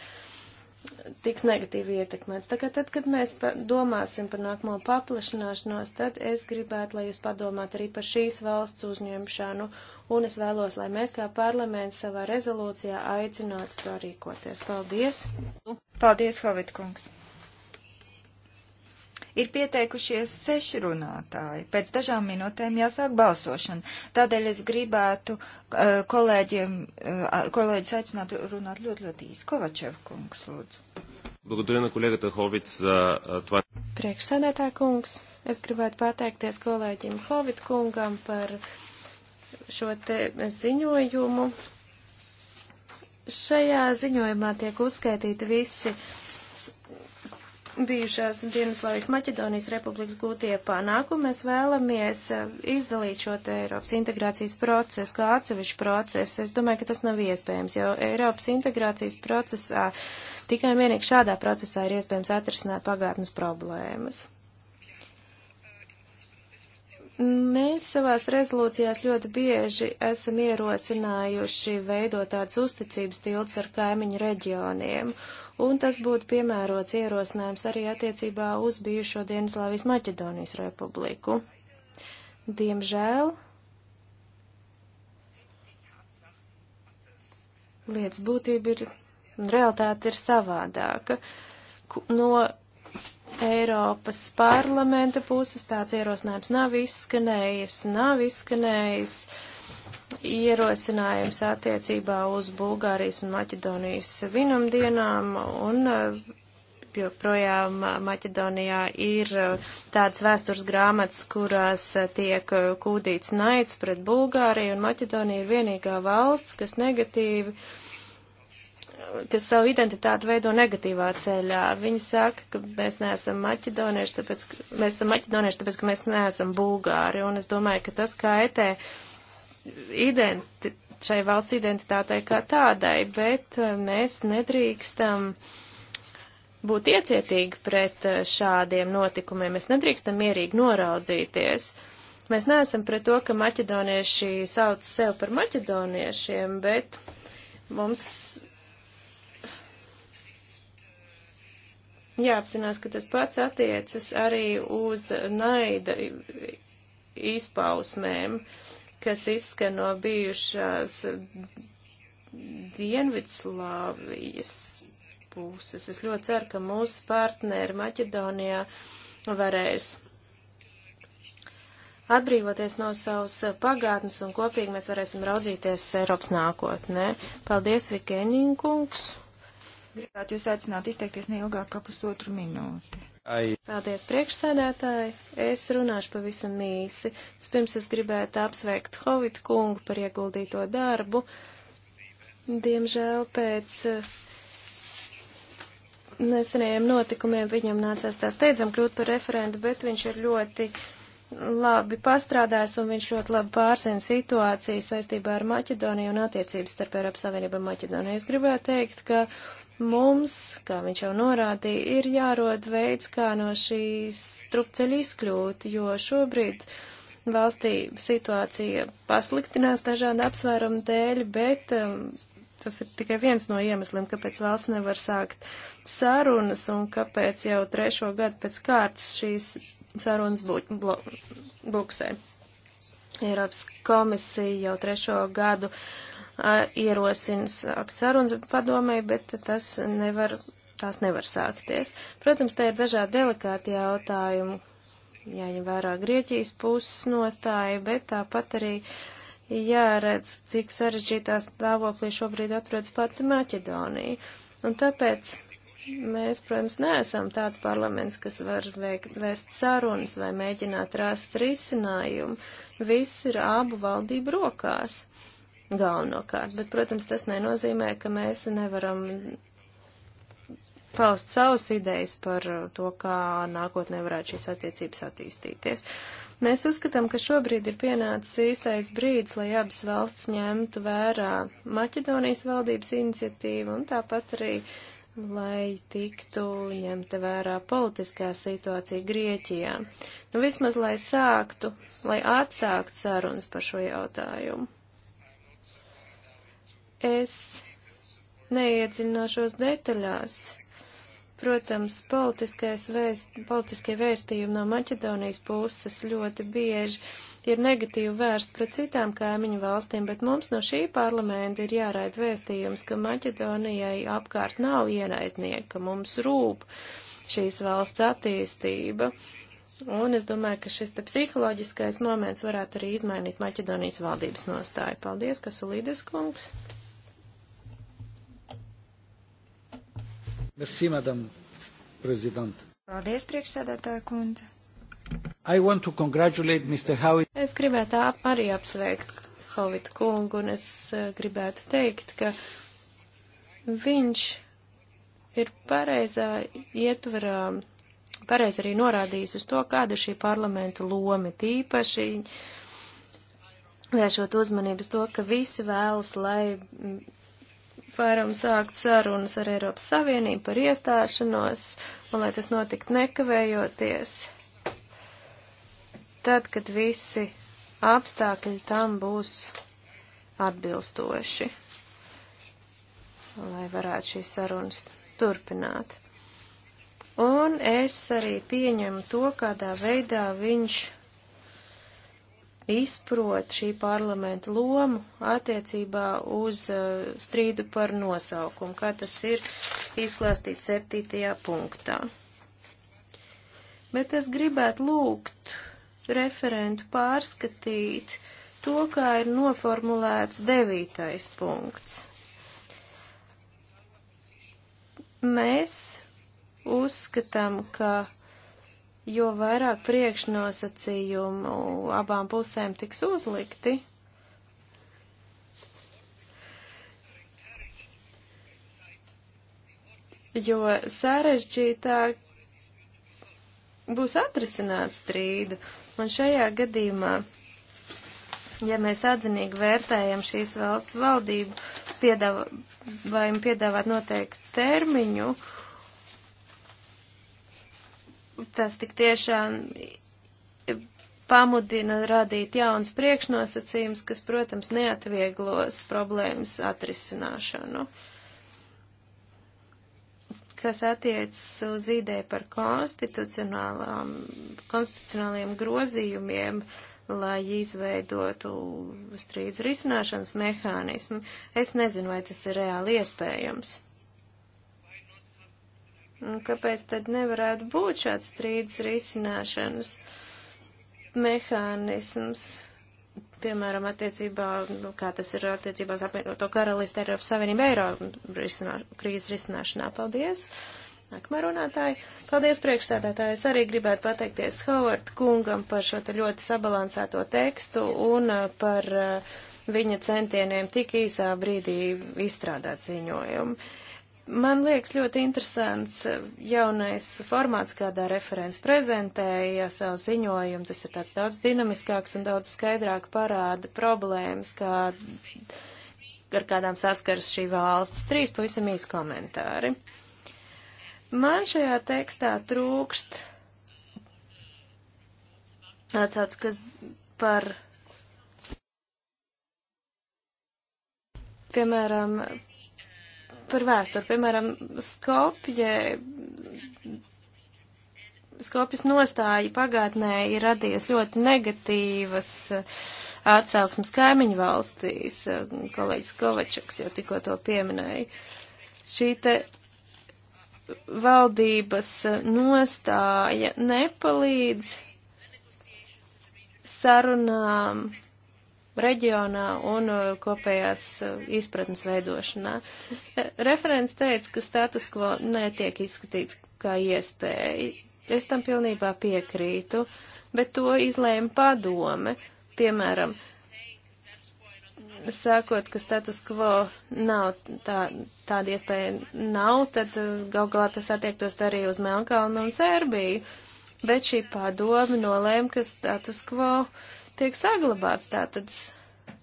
tiks negatīvi ietekmēts. Tā kā tad, kad mēs domāsim par nākamo paplašināšanos, tad es gribētu, lai jūs padomāt arī par šīs valsts uzņemšanu, un es vēlos, lai mēs kā parlaments savā rezolūcijā aicinātu to rīkoties. Paldies! Paldies, Hovitkungs! Ir pieteikušies seši runātāji. Pēc dažām minūtēm jāsāk balsošana. Tādēļ es gribētu uh, kolēģiem, uh, kolēģis aicināt runāt ļoti, ļoti īsi. Kovačev kungs, lūdzu. Благодаря на колегата Ховиц за това. Priekšsēdētā kungs, es gribētu pateikties kolēģim Hovit kungam par šo te ziņojumu. Šajā ziņojumā tiek uzskaitīti visi uh, bijušās Dienaslavijas Maķedonijas republikas gūtie panākumi, mēs vēlamies eh, izdalīt šo te Eiropas integrācijas procesu kā atsevišķu procesu. Es domāju, ka tas nav iespējams, jo Eiropas integrācijas procesā tikai un vienīgi šādā procesā ir iespējams atrisināt pagātnes problēmas. Mēs savās rezolūcijās ļoti bieži esam ierosinājuši veidot tādas uzticības tilts ar kaimiņu reģioniem. Uh, un tas būtu piemērots ierosinājums arī attiecībā uz bijušo Dienaslāvijas Maķedonijas republiku. Diemžēl lietas būtība ir, un realitāte ir savādāka. No Eiropas parlamenta puses tāds ierosinājums nav izskanējis, nav izskanējis. Uh, ierosinājums attiecībā uz Bulgārijas un Maķedonijas vinumdienām un eh, joprojām eh, Maķedonijā ir eh, tāds vēstures grāmatas, kurās tiek kūdīts naids pret Bulgāriju, un Maķedonija ir vienīgā valsts, kas negatīvi kas savu identitāti veido negatīvā ceļā. Viņi saka, ka mēs neesam maķedonieši, tāpēc, mēs esam maķedonieši, tāpēc, ka mēs neesam bulgāri, un es domāju, ka tas kaitē. Ka identi, šai valsts identitātei kā tādai, bet eh, mēs nedrīkstam būt iecietīgi pret eh, šādiem notikumiem. Mēs nedrīkstam mierīgi noraudzīties. Mēs neesam pret to, ka maķedonieši sauc sev par maķedoniešiem, bet mums jāapzinās, ka tas pats attiecas arī uz naida izpausmēm. Uh, kas izskan no bijušās Dienvidslāvijas puses. Es ļoti ceru, ka mūsu partneri Maķedonijā varēs atbrīvoties no savas pagātnes un kopīgi mēs varēsim raudzīties Eiropas nākotnē. Paldies, Vikēņinkungs! Gribētu jūs aicināt izteikties neilgāk kā pusotru minūti. Ai. Paldies, priekšsēdētāji. Es runāšu pavisam īsi. Pirms es gribētu apsveikt Hovitu kungu par ieguldīto darbu. Diemžēl pēc eh, nesenajiem notikumiem viņam nācās tā steidzam kļūt par referentu, bet viņš ir ļoti labi pastrādājis un viņš ļoti labi pārzina situāciju saistībā ar Maķedoniju un attiecības starp Eiropas Savienību un Maķedoniju. Es gribētu teikt, ka Mums, kā viņš jau norādīja, ir jārod veids, kā no šīs strupceļa izkļūt, jo šobrīd valstī situācija pasliktinās dažādu apsvērumu dēļ, bet um, tas ir tikai viens no iemesliem, kāpēc valsts nevar sākt sarunas un kāpēc jau trešo gadu pēc kārtas šīs sarunas bu bu buksē. Eiropas komisija jau trešo gadu uh, ierosina sākt sarunas padomē, bet tas nevar, tās nevar sākties. Protams, te ir dažādi delikāti jautājumi, jāņem vērā Grieķijas puses nostāja, bet tāpat arī jāredz, cik sarežģītā stāvoklī šobrīd atrodas pati Maķedonija. Un tāpēc mēs, protams, neesam tāds parlaments, kas var veikt, vēst sarunas vai mēģināt rast risinājumu. Viss ir abu valdību rokās galvenokārt. Bet, protams, tas nenozīmē, ka mēs nevaram paust savas idejas par uh, to, kā nākotnē varētu šīs attiecības attīstīties. Mēs uzskatām, ka šobrīd ir pienācis īstais brīdis, lai abas valsts ņemtu vērā Maķedonijas valdības iniciatīvu un tāpat arī, lai tiktu ņemta vērā politiskā situācija Grieķijā. Nu, vismaz, lai sāktu, lai atsāktu sarunas par šo jautājumu. Es neiedzināšos detaļās. Protams, vēst, politiskie vēstījumi no Maķedonijas puses ļoti bieži ir negatīvi vērst pret citām kaimiņu valstīm, bet mums no šī parlamenta ir jāraid vēstījums, ka Maķedonijai apkārt nav ienaidnieka, mums rūp šīs valsts attīstība. Un es domāju, ka šis te psiholoģiskais moments varētu arī izmainīt Maķedonijas valdības nostāju. Paldies, Kasulīdes kungs! Merci, madam prezident. Paldies, priekšsēdētāja kundze. I want to congratulate Mr. Howitt. Es gribētu arī apsveikt Howitt kungu, un es eh, gribētu teikt, ka viņš ir pareizā ietvarā pareizi arī norādījis uz to, kāda šī parlamenta loma tīpaši vēršot uzmanības to, ka visi vēlas, lai varam sākt sarunas ar Eiropas Savienību par iestāšanos, un lai tas notiktu nekavējoties, tad, kad visi apstākļi tam būs atbilstoši, lai varētu šīs sarunas turpināt. Un es arī pieņemu to, kādā veidā viņš izprot šī parlamenta lomu attiecībā uz uh, strīdu par nosaukumu, kā tas ir izklāstīts septītajā punktā. Bet es gribētu lūgt referentu pārskatīt to, kā ir noformulēts devītais punkts. Mēs uzskatām, ka jo vairāk priekšnosacījumu abām pusēm tiks uzlikti, jo sarežģītāk būs atrisināt strīdu. Un šajā gadījumā, ja mēs atzinīgi vērtējam šīs valsts valdību, piedāvājam piedāvāt noteiktu termiņu, uh, tas tik tiešām pamudina radīt jauns priekšnosacījums, kas, protams, neatvieglos problēmas atrisināšanu. Kas attiecas uz ideju par konstitucionāliem grozījumiem, lai izveidotu strīdus risināšanas mehānismu, es nezinu, vai tas ir reāli iespējams. Un kāpēc tad nevarētu būt šāds strīdus risināšanas mehānisms? Piemēram, attiecībā, nu, kā tas ir attiecībās apvienoto karalistu Eiropas Savienību eiro risinā, krīzes risināšanā. Paldies! Nākamā runātāja. Paldies, priekšsēdētāji. Es arī gribētu pateikties Howard kungam par šo ļoti sabalansēto tekstu un uh, par uh, viņa centieniem tik īsā brīdī izstrādāt ziņojumu. Uh, Man liekas ļoti interesants eh, jaunais formāts, kādā referents prezentēja savu ziņojumu. Tas ir tāds daudz dinamiskāks un daudz skaidrāk parāda problēmas, kā, ar kādām saskaras šī valsts. Trīs pavisam īsi komentāri. Man šajā tekstā trūkst atsauc, kas par, piemēram, par vēsturi. Piemēram, Skopje, Skopjas nostāja pagātnē ir radies ļoti negatīvas eh, atsauksmes kaimiņu valstīs. Eh, kolēģis Kovačaks jau tikko to pieminēja. Šī te valdības eh, nostāja nepalīdz sarunām reģionā un uh, kopējās uh, izpratnes veidošanā. Eh, referents teica, ka status quo netiek izskatīt kā iespēja. Es tam pilnībā piekrītu, bet to izlēma padome. Piemēram, sākot, ka status quo nav, tā, tāda iespēja nav, tad uh, gal galā tas attiektos arī uz Melnkalnu un Serbiju. Bet šī padome nolēma, ka status quo uh, tiek saglabāts, tātad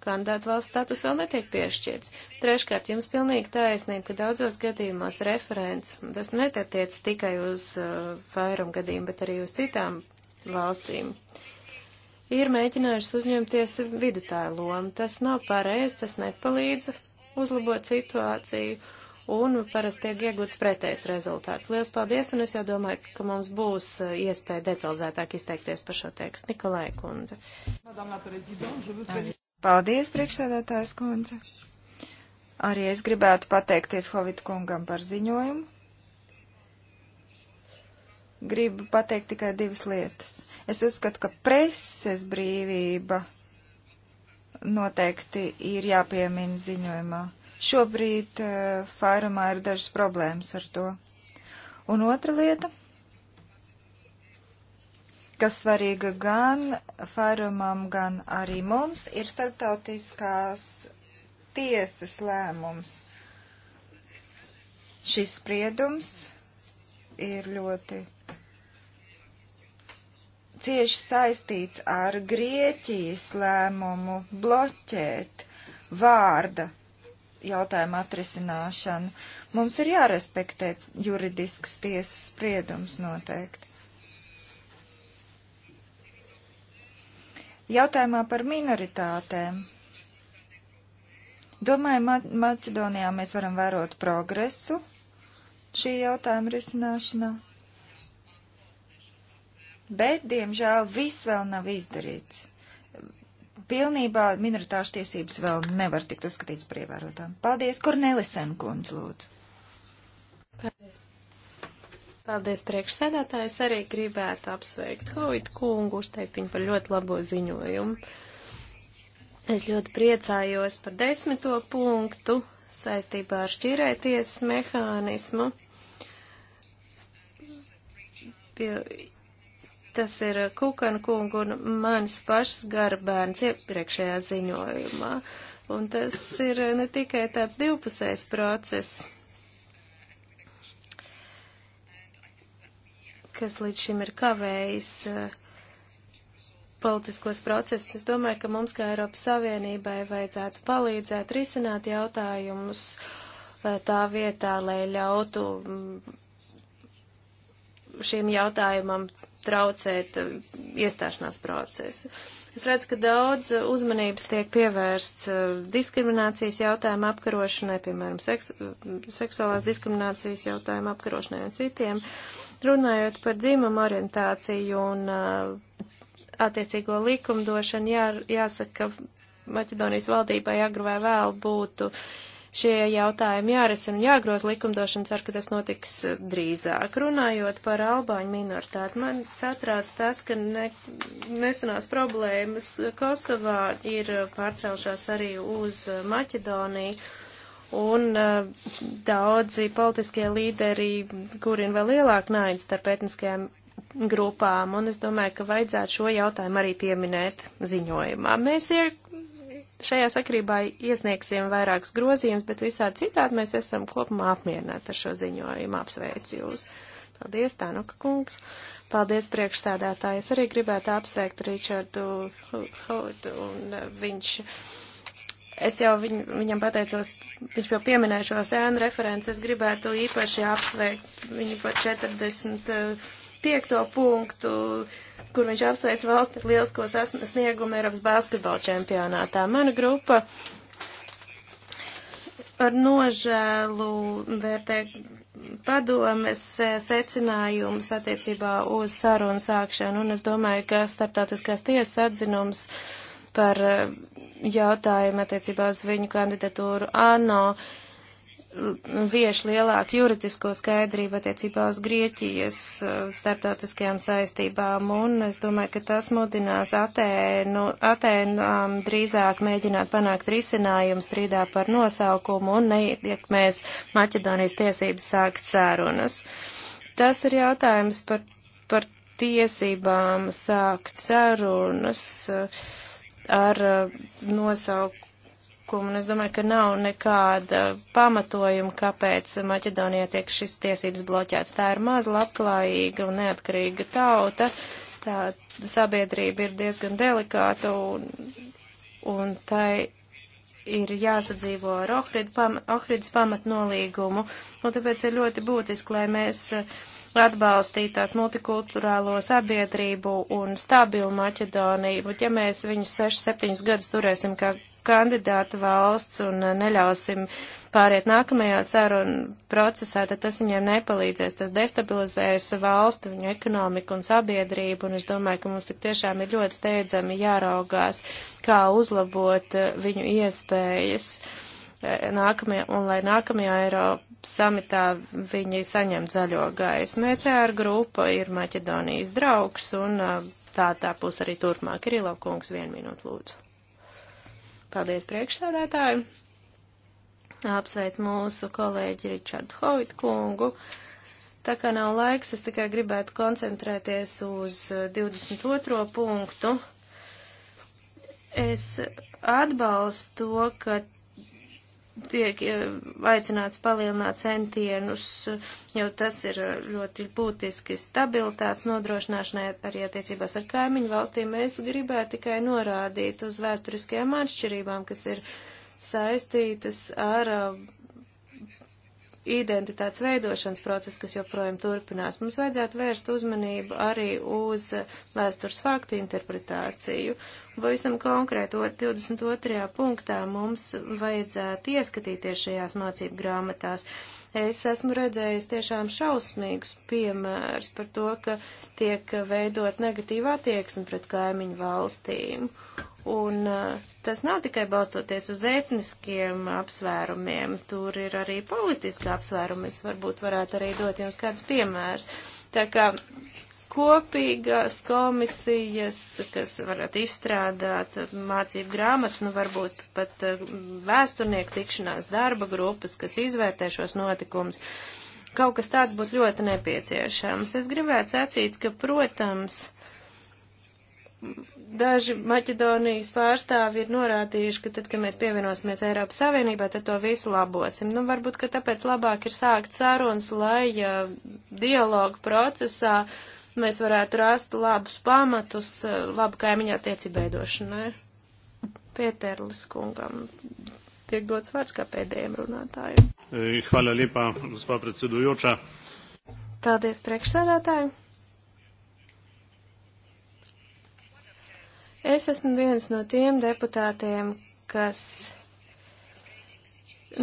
kandidātu valsts status vēl netiek piešķirts. Treškārt, jums pilnīgi taisnība, ka daudzos gadījumos referents, tas netatiec tikai uz uh, vairumu gadījumu, bet arī uz citām valstīm, ir mēģinājušas uzņemties vidutāju lomu. Tas nav pareizi, tas nepalīdz uzlabot situāciju un parasti tiek iegūts pretējs rezultāts. Lielas paldies, un es jau domāju, ka mums būs uh, iespēja detalizētāk izteikties par šo tekstu. Nikolai Kundze. Paldies, priekšsēdētājs Kundze. Arī es gribētu pateikties Hovita kungam par ziņojumu. Gribu pateikt tikai divas lietas. Es uzskatu, ka preses brīvība noteikti ir jāpiemina ziņojumā Šobrīd uh, fairumā ir dažas problēmas ar to. Un otra lieta, kas svarīga gan fairumam, gan arī mums, ir starptautiskās tiesas lēmums. Šis spriedums ir ļoti cieši saistīts ar Grieķijas lēmumu bloķēt vārda jautājumu atrisināšanu. Mums ir jārespektē juridisks tiesas spriedums noteikti. Jautājumā par minoritātēm. Domāju, Ma Maķedonijā mēs varam vērot progresu šī jautājuma risināšanā. Bet, diemžēl, viss vēl nav izdarīts pilnībā minoritāšu tiesības vēl nevar tikt uzskatīts par ievērotām. Paldies, Kornelisen kundz, lūdzu. Paldies. Paldies priekšsēdētājs. Arī gribētu apsveikt Hovid kungu, uzteikt viņu par ļoti labo ziņojumu. Es ļoti priecājos par desmito punktu saistībā ar šķirēties mehānismu. Pie Tas ir Kukana kunga un manis pašas garbērns iepriekšējā ziņojumā. Un tas ir ne tikai tāds divpusējs process, kas līdz šim ir kavējis eh, politiskos procesus. Es domāju, ka mums kā Eiropas Savienībai vajadzētu palīdzēt risināt jautājumus eh, tā vietā, lai ļautu mm, šim jautājumam traucēt eh, iestāšanās procesu. Es redzu, ka daudz eh, uzmanības tiek pievērsts eh, diskriminācijas jautājuma apkarošanai, piemēram, seksu, seksuālās diskriminācijas jautājuma apkarošanai un citiem. Runājot par dzimumu orientāciju un attiecīgo likumdošanu, jā, jāsaka, ka Maķedonijas valdībai agrvai vēl būtu uh, šie jautājumi jārisina un jāgroz likumdošana, cer, ka tas notiks eh, drīzāk. Runājot par albāņu minoritāti, man satrāc tas, ka ne, nesenās problēmas Kosovā ir eh, pārcelšās arī uz eh, Maķedoniju. Un uh, daudzi politiskie līderi kurina vēl lielāku naidu starp etniskajām grupām, un es domāju, ka vajadzētu šo jautājumu arī pieminēt ziņojumā. Mēs ir šajā sakrībā iesniegsim vairākas grozījumus, bet visā citādi mēs esam kopumā apmierināti ar šo ziņojumu. Apsveicu jūs! Paldies, Tānuka kungs! Paldies, priekšstādātāji! Es arī gribētu apsveikt Ričardu Haudu, un uh, viņš, es jau viņ, viņam pateicos, viņš jau pieminēja šo sēnu referenci, es gribētu īpaši apsveikt viņu par 45. Uh, punktu kur viņš apsveic valsti ar lielisko sasniegumu Eiropas basketbola čempionātā. Mana grupa ar nožēlu vērtē padomes e, secinājumus attiecībā uz sarunu sākšanu, un es domāju, ka starptautiskās tiesas atzinums par e, jautājumu attiecībā uz viņu kandidatūru ANO. Ah, vieš lielāku juridisko skaidrību attiecībā uz Grieķijas eh, starptautiskajām saistībām, un es domāju, ka tas mudinās Atēnu, Atēnām drīzāk mēģināt panākt risinājumu strīdā par nosaukumu un neiekmēs Maķedonijas tiesības sākt sērunas. Tas ir jautājums par, par tiesībām sākt sarunas eh, ar eh, nosaukumu likumu, un es domāju, ka nav nekāda pamatojuma, kāpēc Maķedonijā tiek šis tiesības bloķēts. Tā ir maz labklājīga un neatkarīga tauta, tā sabiedrība ir diezgan delikāta, un, un tai ir jāsadzīvo ar Ohrids pam, pamatnolīgumu, un tāpēc ir ļoti būtiski, lai mēs atbalstītās multikulturālo sabiedrību un stabilu Maķedoniju, bet ja mēs viņus 6-7 gadus turēsim kā kandidātu valsts un eh, neļausim pāriet nākamajā sarunu procesā, tad tas viņiem nepalīdzēs. Tas destabilizēs valsti, viņu ekonomiku un sabiedrību, un es domāju, ka mums tik tiešām ir ļoti steidzami jāraugās, kā uzlabot eh, viņu iespējas eh, nākamajā, un lai nākamajā Eiropas samitā viņi saņem zaļo gaisu. Mēcēra e grupa ir Maķedonijas draugs, un tā tā būs arī turpmāk. Kirilo kungs, vienu minūtu lūdzu. Paldies priekšsēdētāju. Apsveic mūsu kolēģi Ričardu Hovit kungu. Tā kā nav laiks, es tikai gribētu koncentrēties uz 22. punktu. Es atbalstu to, ka tiek aicināts palielināt centienus, jo tas ir ļoti būtiski stabilitātes nodrošināšanai arī attiecībās ar kaimiņu valstīm. Es gribētu tikai norādīt uz vēsturiskajām atšķirībām, kas ir saistītas ar identitātes veidošanas process, kas joprojām turpinās. Mums vajadzētu vērst uzmanību arī uz vēstures faktu interpretāciju. Visam konkrēto 22. punktā mums vajadzētu ieskatīties šajās mācību grāmatās. Es esmu redzējis tiešām šausmīgus piemērus par to, ka tiek veidot negatīva attieksme pret kaimiņu valstīm. Uh, Un eh, tas nav tikai balstoties uz etniskiem apsvērumiem, tur ir arī politiski apsvērumi. Es varbūt varētu arī dot jums kāds piemērs. Tā kā kopīgās komisijas, kas varētu izstrādāt mācību grāmatas, nu varbūt pat eh, vēsturnieku tikšanās darba grupas, kas izvērtē šos notikumus. Kaut kas tāds būtu ļoti nepieciešams. Es gribētu sacīt, ka, protams, uh, daži Maķedonijas pārstāvi ir norādījuši, ka tad, kad mēs pievienosimies Eiropas Savienībā, tad to visu labosim. Nu, varbūt, ka tāpēc labāk ir sākt sarunas, lai uh, dialogu procesā mēs varētu rast labus pamatus, uh, labu kaimiņā tiecībēdošanai. Pieterlis kungam tiek dots vārds kā pēdējiem runātājiem. Hvala lipa, gospa predsedujoča. Paldies, priekšsēdētāji. Es esmu viens no tiem deputātiem, kas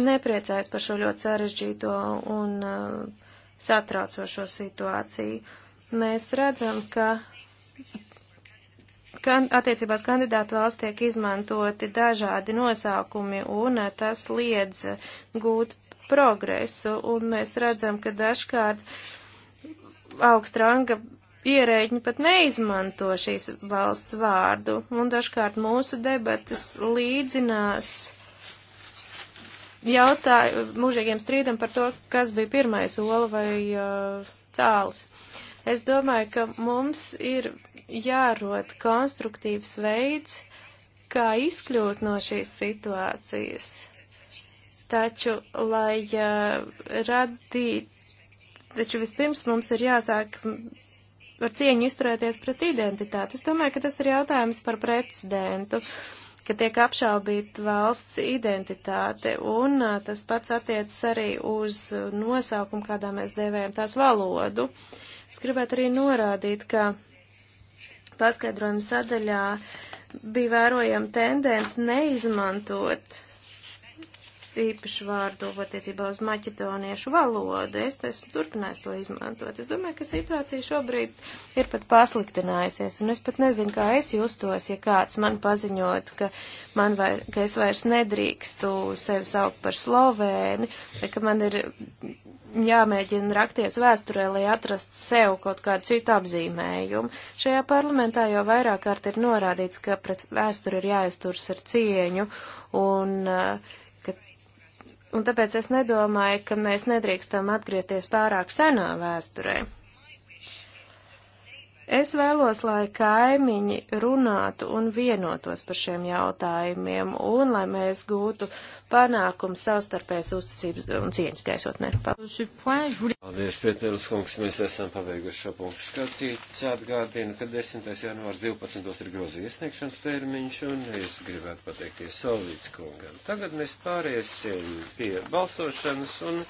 nepriecājas par šo ļoti sarežģīto un uh, satraucošo situāciju. Mēs redzam, ka kan attiecībās kandidātu valsts tiek izmantoti dažādi nosaukumi un uh, tas liedz gūt progresu, un mēs redzam, ka dažkārt augstranga ierēģi pat neizmanto šīs valsts vārdu, un dažkārt mūsu debatas līdzinās jautāju mūžīgiem strīdam par to, kas bija pirmais ola vai uh, cāls. Es domāju, ka mums ir jārod konstruktīvs veids, kā izkļūt no šīs situācijas. Taču, lai uh, radītu, taču vispirms mums ir jāsāk ar cieņu izturēties pret identitāti. Es domāju, ka tas ir jautājums par precedentu, ka tiek apšaubīt valsts identitāte, un tas pats attiecas arī uz nosaukumu, kādā mēs dēvējam tās valodu. Es gribētu arī norādīt, ka paskaidrojuma sadaļā bija vērojama tendence neizmantot īpašu vārdu attiecībā uz maķedoniešu valodu. Es esmu turpinājis to izmantot. Es domāju, ka situācija šobrīd ir pat pasliktinājusies, un es pat nezinu, kā es justos, ja kāds man paziņot, ka, man vai, ka es vairs nedrīkstu sevi saukt par slovēni, vai ka man ir jāmēģina rakties vēsturē, lai atrastu sev kaut kādu citu apzīmējumu. Šajā parlamentā jau vairāk kārt ir norādīts, ka pret vēsturi ir jāizturs ar cieņu, un uh, Un tāpēc es nedomāju, ka mēs nedrīkstam atgriezties pārāk senā vēsturē. Es vēlos, lai kaimiņi runātu un vienotos par šiem jautājumiem un lai mēs gūtu panākumu savstarpējas uzticības un cieņas gaisotnē. Paldies, Pēteris Kungs, mēs esam pabeiguši šo punktu skatīt. Atgādinu, ka 10. janvārs 12. ir grozi iesniegšanas termiņš un es gribētu pateikties Solvīts kungam. Tagad mēs pāriesim pie balsošanas un.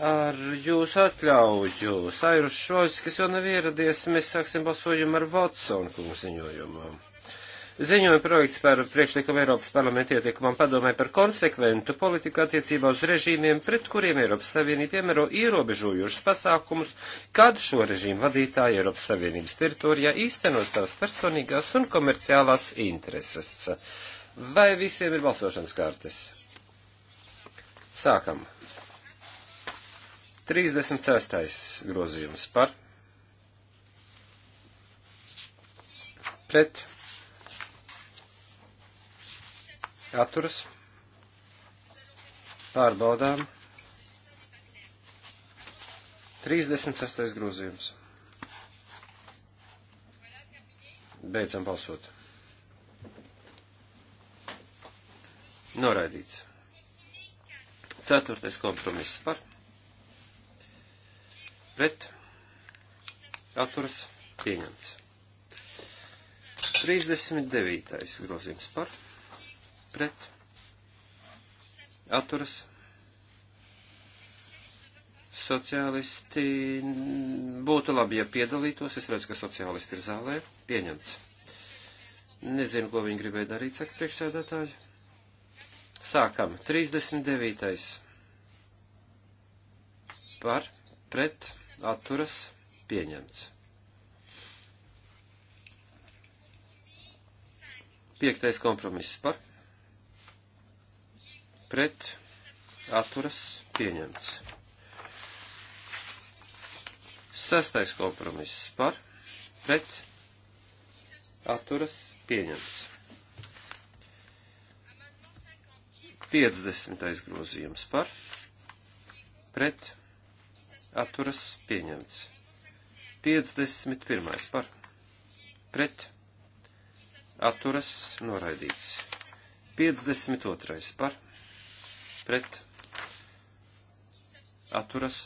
Ar jūsu atļauju, Sairus Šoļs, kas jau nav ieradies, mēs sāksim balsojumu ar Vatsonu kungu ziņojumu. Ziņojuma projekts par priekšlikumu Eiropas parlamenta ietiekumam padomē par konsekventu politiku attiecībā uz režīmiem, pret kuriem Eiropas Savienība piemēro ierobežojušas pasākumus, kad šo režīmu vadītāji Eiropas Savienības teritorijā īsteno savas personīgās un komerciālās intereses. Vai visiem ir balsošanas kartes? Sākam. 36. grozījums par pret atturas pārbaudām 36. grozījums. Beidzam balsot. Noraidīts. Ceturtais kompromiss par pret, atturas pieņemts. 39. grozījums par, pret, atturas sociālisti būtu labi, ja piedalītos. Es redzu, ka sociālisti ir zālē. Pieņemts. Nezinu, ko viņi gribēja darīt, saka priekšsēdētāji. Sākam. 39. par, pret, atturas pieņemts. Piektais kompromiss par pret atturas pieņemts. Sestais kompromiss par pret atturas pieņemts. 50. grozījums par pret atturas pieņemts. 51. par pret atturas noraidīts. 52. par pret atturas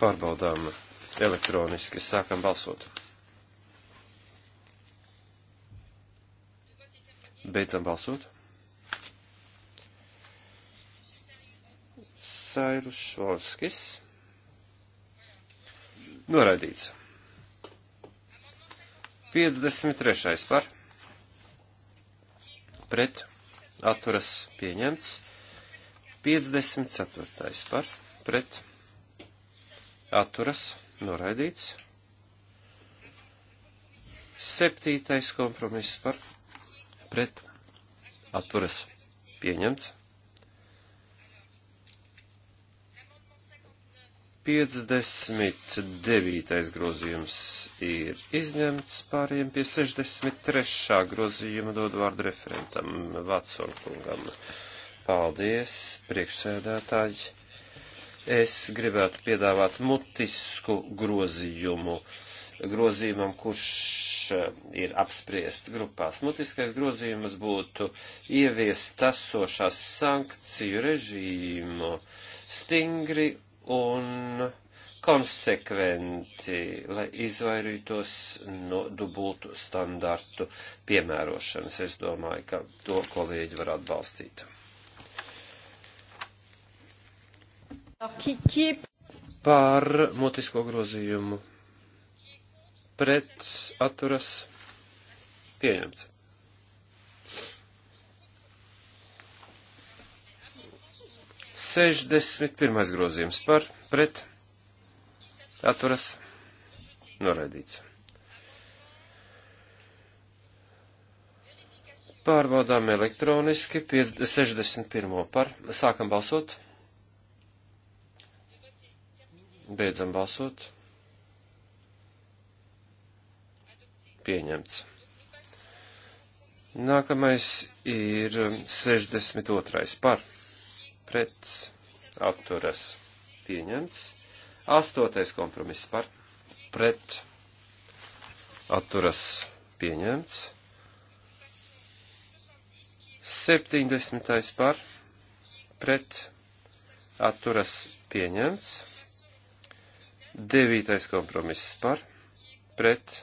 pārbaudām elektroniski. Sākam balsot. Beidzam balsot. Sairus Švolskis. Noraidīts. 53. par. Pret. Atturas pieņemts. 54. par. Pret. Atturas noraidīts. 7. kompromiss par. Pret. Atturas pieņemts. 59. grozījums ir izņemts, pāriem pie 63. grozījuma dod vārdu referentam Vatsonkungam. Paldies, priekšsēdētāji. Es gribētu piedāvāt mutisku grozījumu grozījumam, kurš eh, ir apspriest grupās. Mutiskais grozījums būtu ieviest tasošās sankciju režīmu stingri un konsekventi, lai izvairītos no dubultu standartu piemērošanas. Es domāju, ka to kolēģi var atbalstīt. Par mutisko grozījumu pret atturas pieņemts. 61. grozījums par pret atturas noraidīts. Pārbaudām elektroniski 61. par. Sākam balsot. Beidzam balsot. Pieņemts. Nākamais ir 62. par pret atturas pieņemts. Astotais kompromiss par pret atturas pieņemts. 70. par pret atturas pieņemts. 9. kompromiss par pret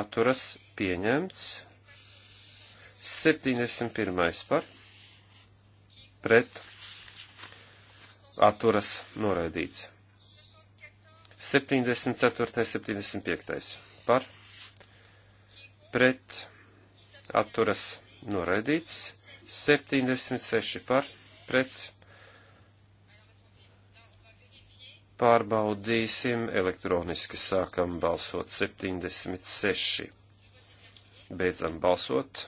atturas pieņemts. 71. par pret atturas noraidīts. 74. 75. par pret atturas noraidīts. 76 par pret. Pārbaudīsim elektroniski sākam balsot 76. Beidzam balsot.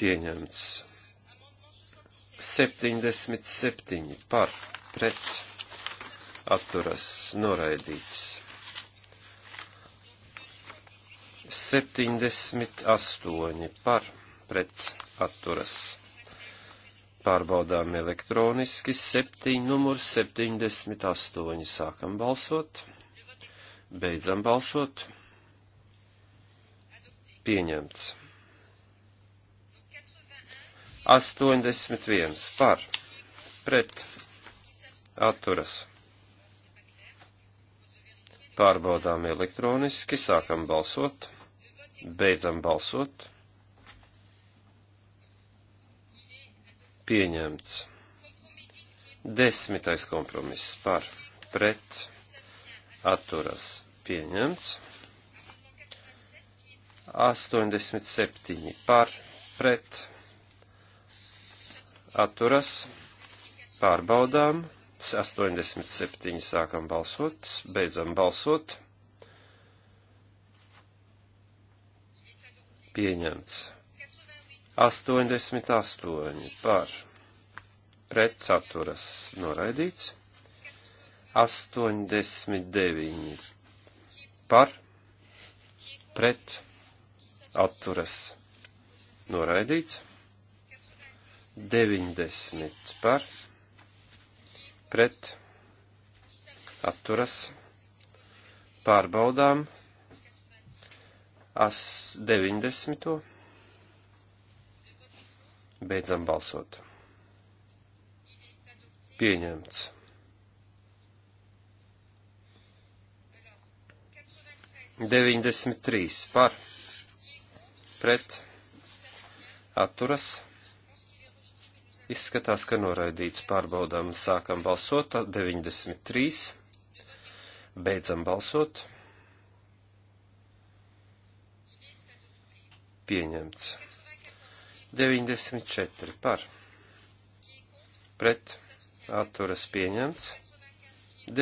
pieņemts. 77 par pret atturas noraidīts. 78 par pret atturas. Pārbaudām elektroniski 7 numur 78. Sākam balsot. Beidzam balsot. Pieņemts. 81 par pret atturas. Pārbaudām elektroniski, sākam balsot, beidzam balsot. Pieņemts. Desmitais kompromiss par pret atturas pieņemts. 87 par pret atturas pārbaudām. 87 sākam balsot, beidzam balsot. Pieņemts. 88 par pret saturas noraidīts. 89 par pret atturas noraidīts. 90 par pret atturas pārbaudām as 90. Beidzam balsot. Pieņemts. 93 par pret atturas pārbaudām Izskatās, ka noraidīts pārbaudām. Sākam balsot, 93. Beidzam balsot. Pieņemts. 94 par. Pret. Atturas pieņemts.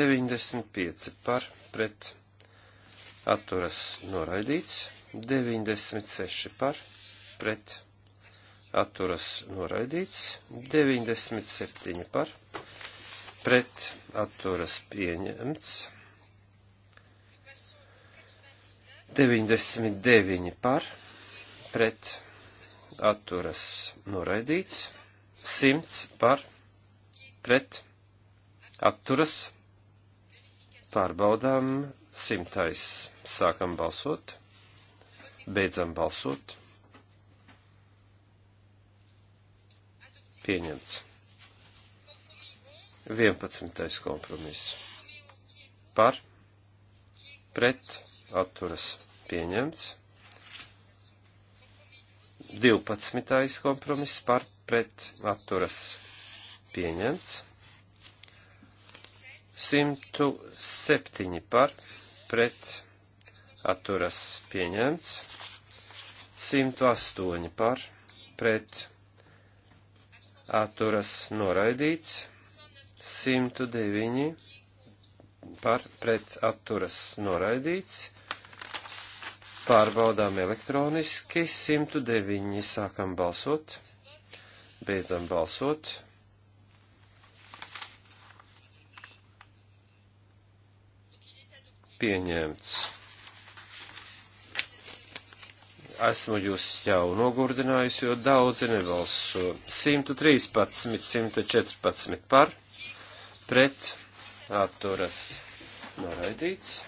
95 par. Pret. Atturas noraidīts. 96 par. Pret atturas noraidīts, 97 par, pret atturas pieņemts, 99 par, pret atturas noraidīts, 100 par, pret atturas pārbaudām simtais. Sākam balsot, beidzam balsot. Pieņemts. 11. kompromiss. Par, pret, atturas pieņemts. 12. kompromiss par, pret, atturas pieņemts. 107 par, pret, atturas pieņemts. 108 par, pret, atturas noraidīts, 109 par pret atturas noraidīts, pārbaudām elektroniski, 109 sākam balsot, beidzam balsot. Pieņemts esmu jūs jau nogurdinājusi, jo daudzi nebalso. 113, 114 par, pret, atturas noraidīts.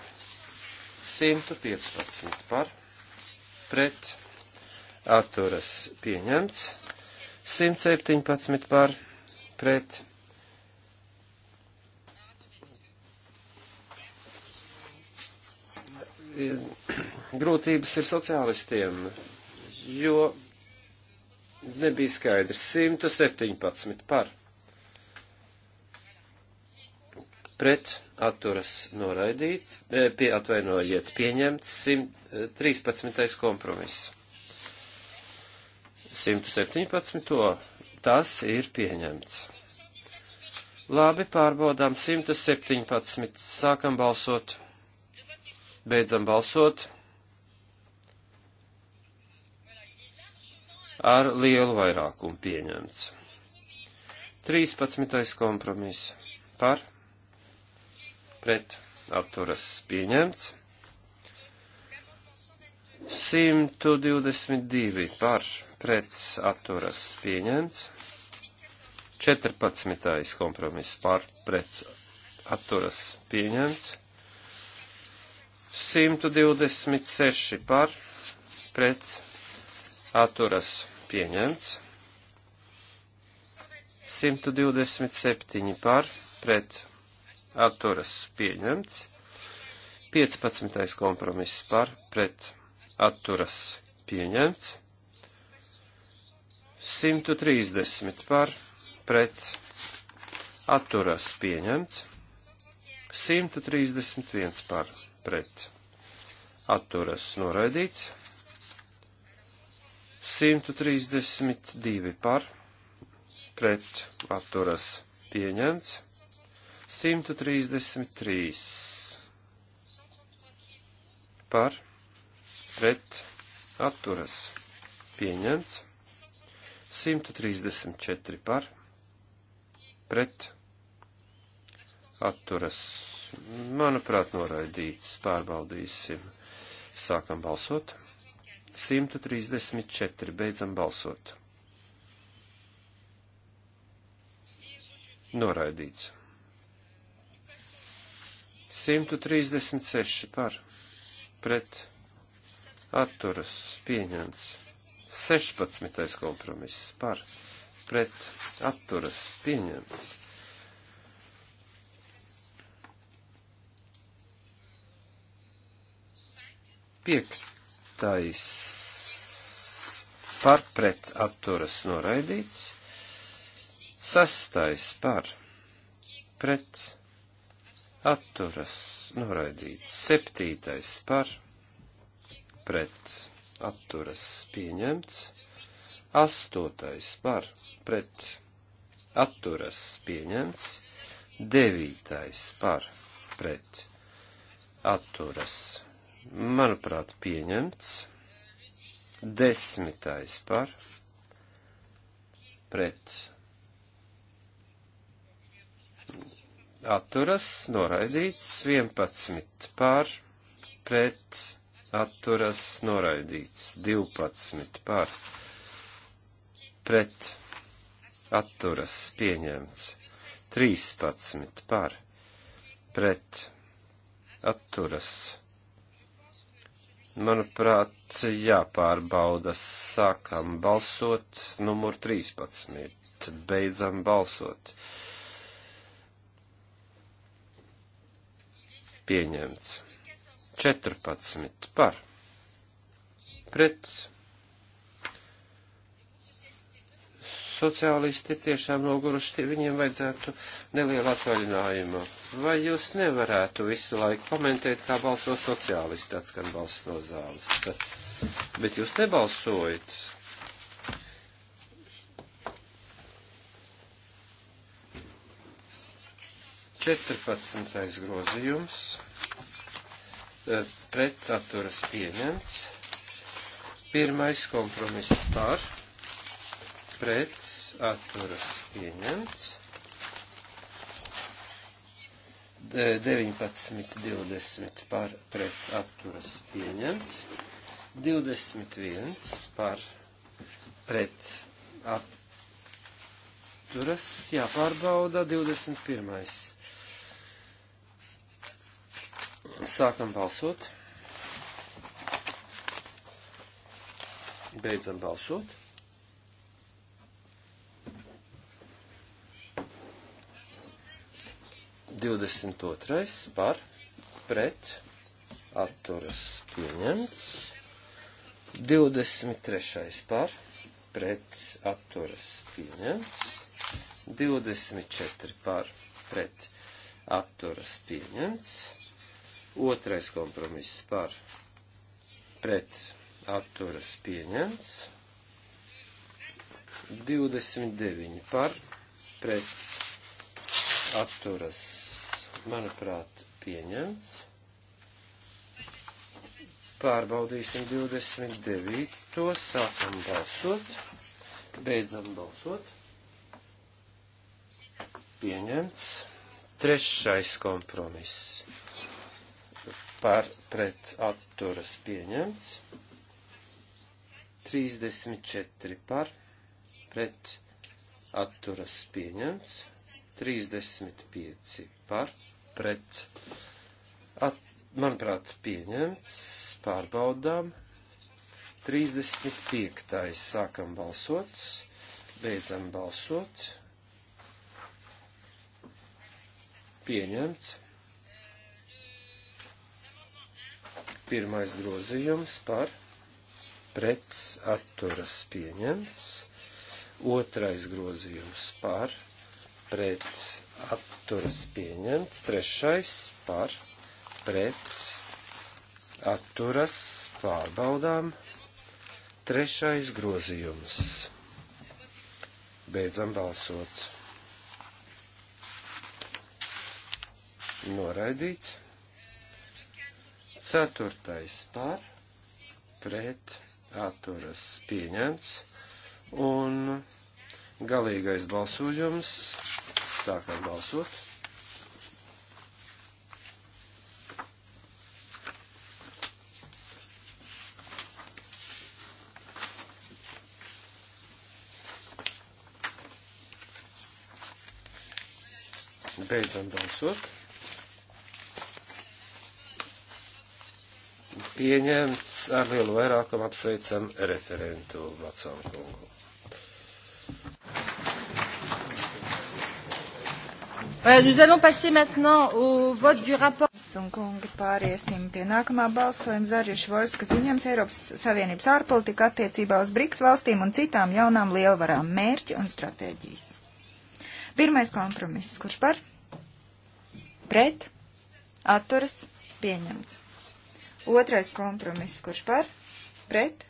115 par, pret, atturas pieņemts. 117 par, pret. Ir, grūtības ir sociālistiem, jo nebija skaidrs 117 par. Pret atturas noraidīts, e, pie atvainojiet pieņemts 113. E, kompromiss. 117. tas ir pieņemts. Labi, pārbaudām 117. Sākam balsot. Beidzam balsot. ar lielu vairākumu pieņemts. 13. kompromiss par pret apturas pieņemts. 122 par pret apturas pieņemts. 14. kompromiss par pret apturas pieņemts. 126 par pret atturas pieņemts. 127 par pret atturas pieņemts. 15. kompromiss par pret atturas pieņemts. 130 par pret atturas pieņemts. 131 par pret atturas noraidīts. 132 par, pret atturas pieņemts. 133 par, pret atturas pieņemts. 134 par, pret atturas. Manuprāt, noraidīts. Pārbaudīsim. Sākam balsot. 134. Beidzam balsot. Noraidīts. 136 par pret atturas pieņemts. 16. kompromiss par pret atturas pieņemts. Piekt Devītais par pret atturas noraidīts. Sastais par pret atturas noraidīts. Septītais par pret atturas pieņemts. Astotais par pret atturas pieņemts. Devītais par pret atturas manuprāt, pieņemts. Desmitais par pret atturas, noraidīts, 11 par pret atturas, noraidīts, 12 par pret atturas, pieņemts, 13 par pret atturas, noraidīts manuprāt, jāpārbauda. Sākam balsot numur 13. Beidzam balsot. Pieņemts. 14 par. Pret sociālisti ir tiešām noguruši, viņiem vajadzētu nelielu atvaļinājumu. Vai jūs nevarētu visu laiku komentēt, kā balso sociālisti, tāds gan balss no zāles? Bet jūs nebalsojat. Četrpadsmitais grozījums eh, pret saturas pieņemts. Pirmais kompromiss par pret atturas pieņemts. 19, 20 par pret atturas pieņemts. 21 par pret atturas jāpārbauda. 21. Sākam balsot. Beidzam balsot. 22. par pret atturas pieņemts. 23. par pret atturas pieņemts. 24 par pret atturas pieņemts. Otrais kompromiss par pret atturas pieņemts. 29 par pret atturas pieņemts manuprāt, pieņemts. Pārbaudīsim 29. Sākam balsot. Beidzam balsot. Pieņemts. Trešais kompromiss. Par pret atturas pieņemts. 34 par pret atturas pieņemts. 35 par pret, at, manuprāt, pieņemts, pārbaudām. 35. sākam balsot, beidzam balsot. Pieņemts. Pirmais grozījums par pret atturas pieņemts. Otrais grozījums par pret atturas pieņemts, trešais par pret atturas pārbaudām, trešais grozījums. Beidzam balsot. Noraidīts. Ceturtais par pret atturas pieņemts un galīgais balsojums Sākam balsot. Beidzam balsot. Pieņemts ar lielu vairākumu apsveicam referentu Vacankungu. Euh, nous allons passer maintenant au vote du rapport. Un kungi pāriesim pie nākamā balsojuma Zariša Vorska ziņojums Eiropas Savienības ārpolitika attiecībā uz BRICS valstīm un citām jaunām lielvarām mērķi un stratēģijas. Pirmais kompromiss, kurš par? Pret? Atturas? Pieņemts. Otrais kompromiss, kurš par? Pret?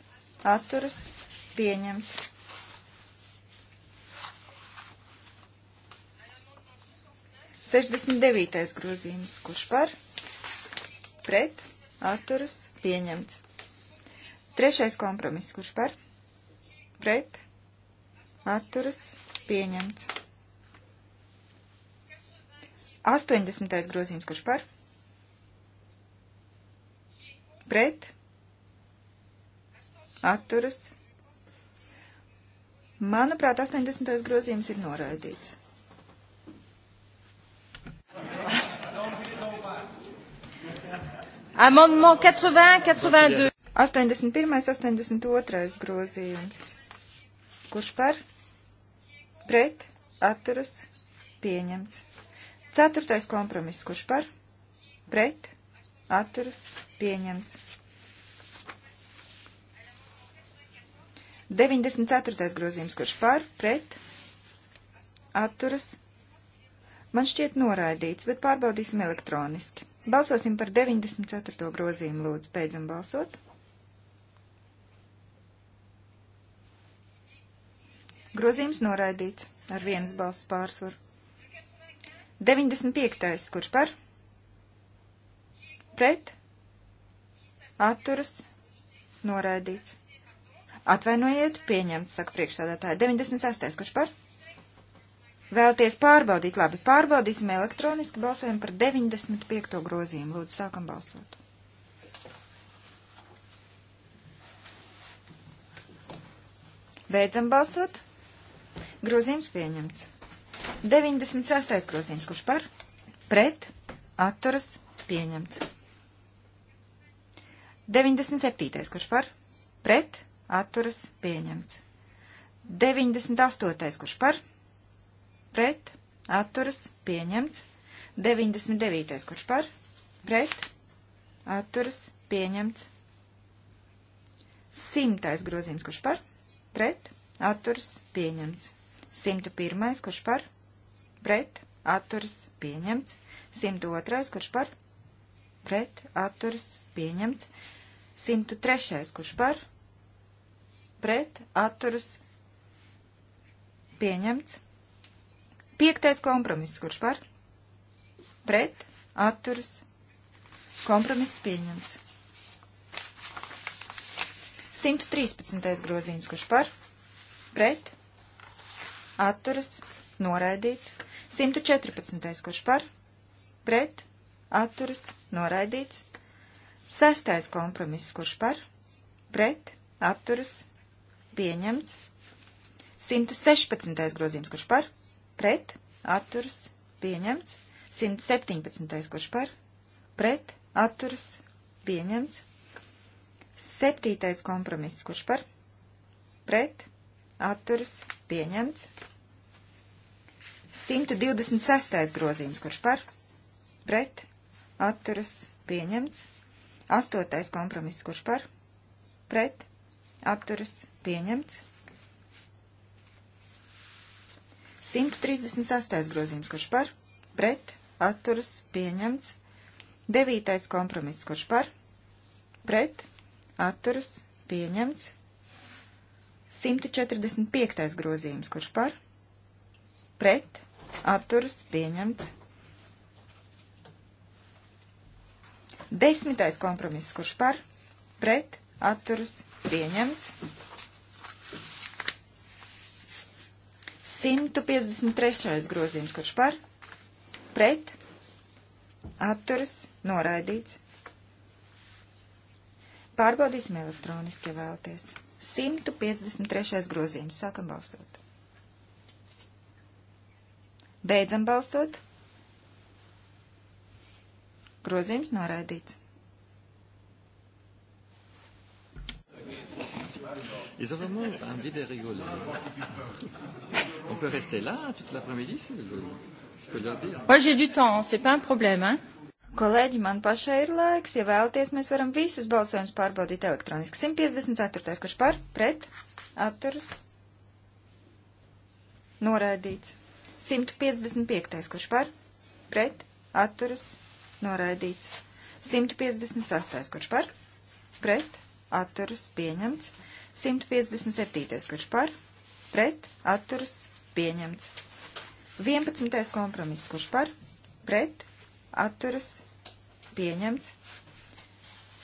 Atturas? Pieņemts. 69. grozījums. Kurš par? Pret. Atturas. Pieņemts. Trešais kompromiss. Kurš par? Pret. Atturas. Pieņemts. 80. grozījums. Kurš par? Pret. Atturas. Manuprāt, 80. grozījums ir noraidīts. Amendement 80, 82. 81, 82 grozījums. Kurš par? Pret, atturas, pieņemts. Ceturtais kompromiss. Kurš par? Pret, atturas, pieņemts. 94. grozījums. Kurš par? Pret, atturas, pieņemts Man šķiet noraidīts, bet pārbaudīsim elektroniski. Balsosim par 94. grozījumu, lūdzu, beidzam balsot. Grozījums noraidīts ar vienas balss pārsvaru. 95. kurš par? Pret? Atturas? Noraidīts. Atvainojiet, pieņemts, saka priekšsādātāja. 96. kurš par? Vēlties pārbaudīt? Labi, pārbaudīsim elektroniski, balsojam par 95. grozījumu. Lūdzu, sākam balsot. Beidzam balsot. Grozījums pieņemts. 96. grozījums, kurš par? Pret, atturas, pieņemts. 97. kurš par? Pret, atturas, pieņemts. 98. kurš par? pret, atturas, pieņemts. 99. kurš par, pret, atturas, pieņemts. 100. grozījums, kurš par, pret, atturas, pieņemts. 101. kurš par, pret, atturas, pieņemts. 102. kurš par, pret, atturas, pieņemts. 103. kurš par, pret, atturas, pieņemts. Piektais kompromiss, kurš par? Pret, atturas, kompromiss pieņemts. 113. grozījums, kurš par? Pret, atturas, noraidīts. 114. kurš par? Pret, atturas, noraidīts. Sestais kompromiss, kurš par? Pret, atturas, pieņemts. 116. grozījums, kurš par? Pret, pret, atturas, pieņemts. 117. kurš par, pret, atturas, pieņemts. 7. kompromiss, kurš par, pret, atturas, pieņemts. 126. grozījums, kurš par, pret, atturas, pieņemts. 8. kompromiss, kurš par, pret, atturas, pieņemts. 138. grozījums, kurš par, pret, atturas, pieņemts. 9. kompromiss, kurš par, pret, atturas, pieņemts. 145. grozījums, kurš par, pret, atturas, pieņemts. 10. kompromiss, kurš par, pret, atturas, pieņemts. 153. grozījums, kurš par, pret, atturas, noraidīts. Pārbaudīsim elektroniski, ja vēlaties. 153. grozījums. Sākam balsot. Beidzam balsot. Grozījums noraidīts. Thank you. Ils ont vraiment envie de rigoler. On peut rester là toute l'après-midi si vous voulez. Vai j'ai du temps, c'est pas un problème, hein? Kolēģi, man pašai ir laiks. Ja vēlaties, mēs varam visus balsojumus pārbaudīt elektroniski. 154. kurš par, pret, atturas, noraidīts. 155. kurš par, pret, atturas, noraidīts. 158. kurš par, pret, atturas, pieņemts. 157. kurš par, pret, atturas, pieņemts. 11. kompromiss, kurš par, pret, atturas, pieņemts.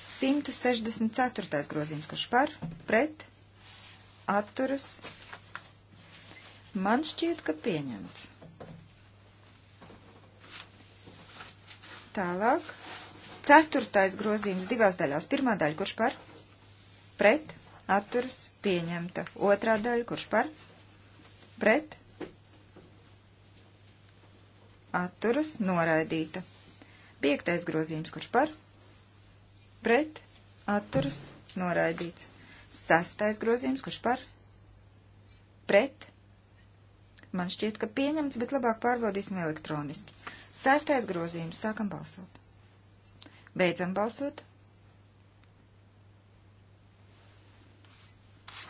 164. grozījums, kurš par, pret, atturas, man šķiet, ka pieņemts. Tālāk. Ceturtais grozījums divās daļās. Pirmā daļa, kurš par, pret, atturas pieņemta. Otrā daļa, kurš par, pret, atturas noraidīta. Piektais grozījums, kurš par, pret, atturas noraidīts. Sastais grozījums, kurš par, pret, man šķiet, ka pieņemts, bet labāk pārbaudīsim elektroniski. Sastais grozījums, sākam balsot. Beidzam balsot.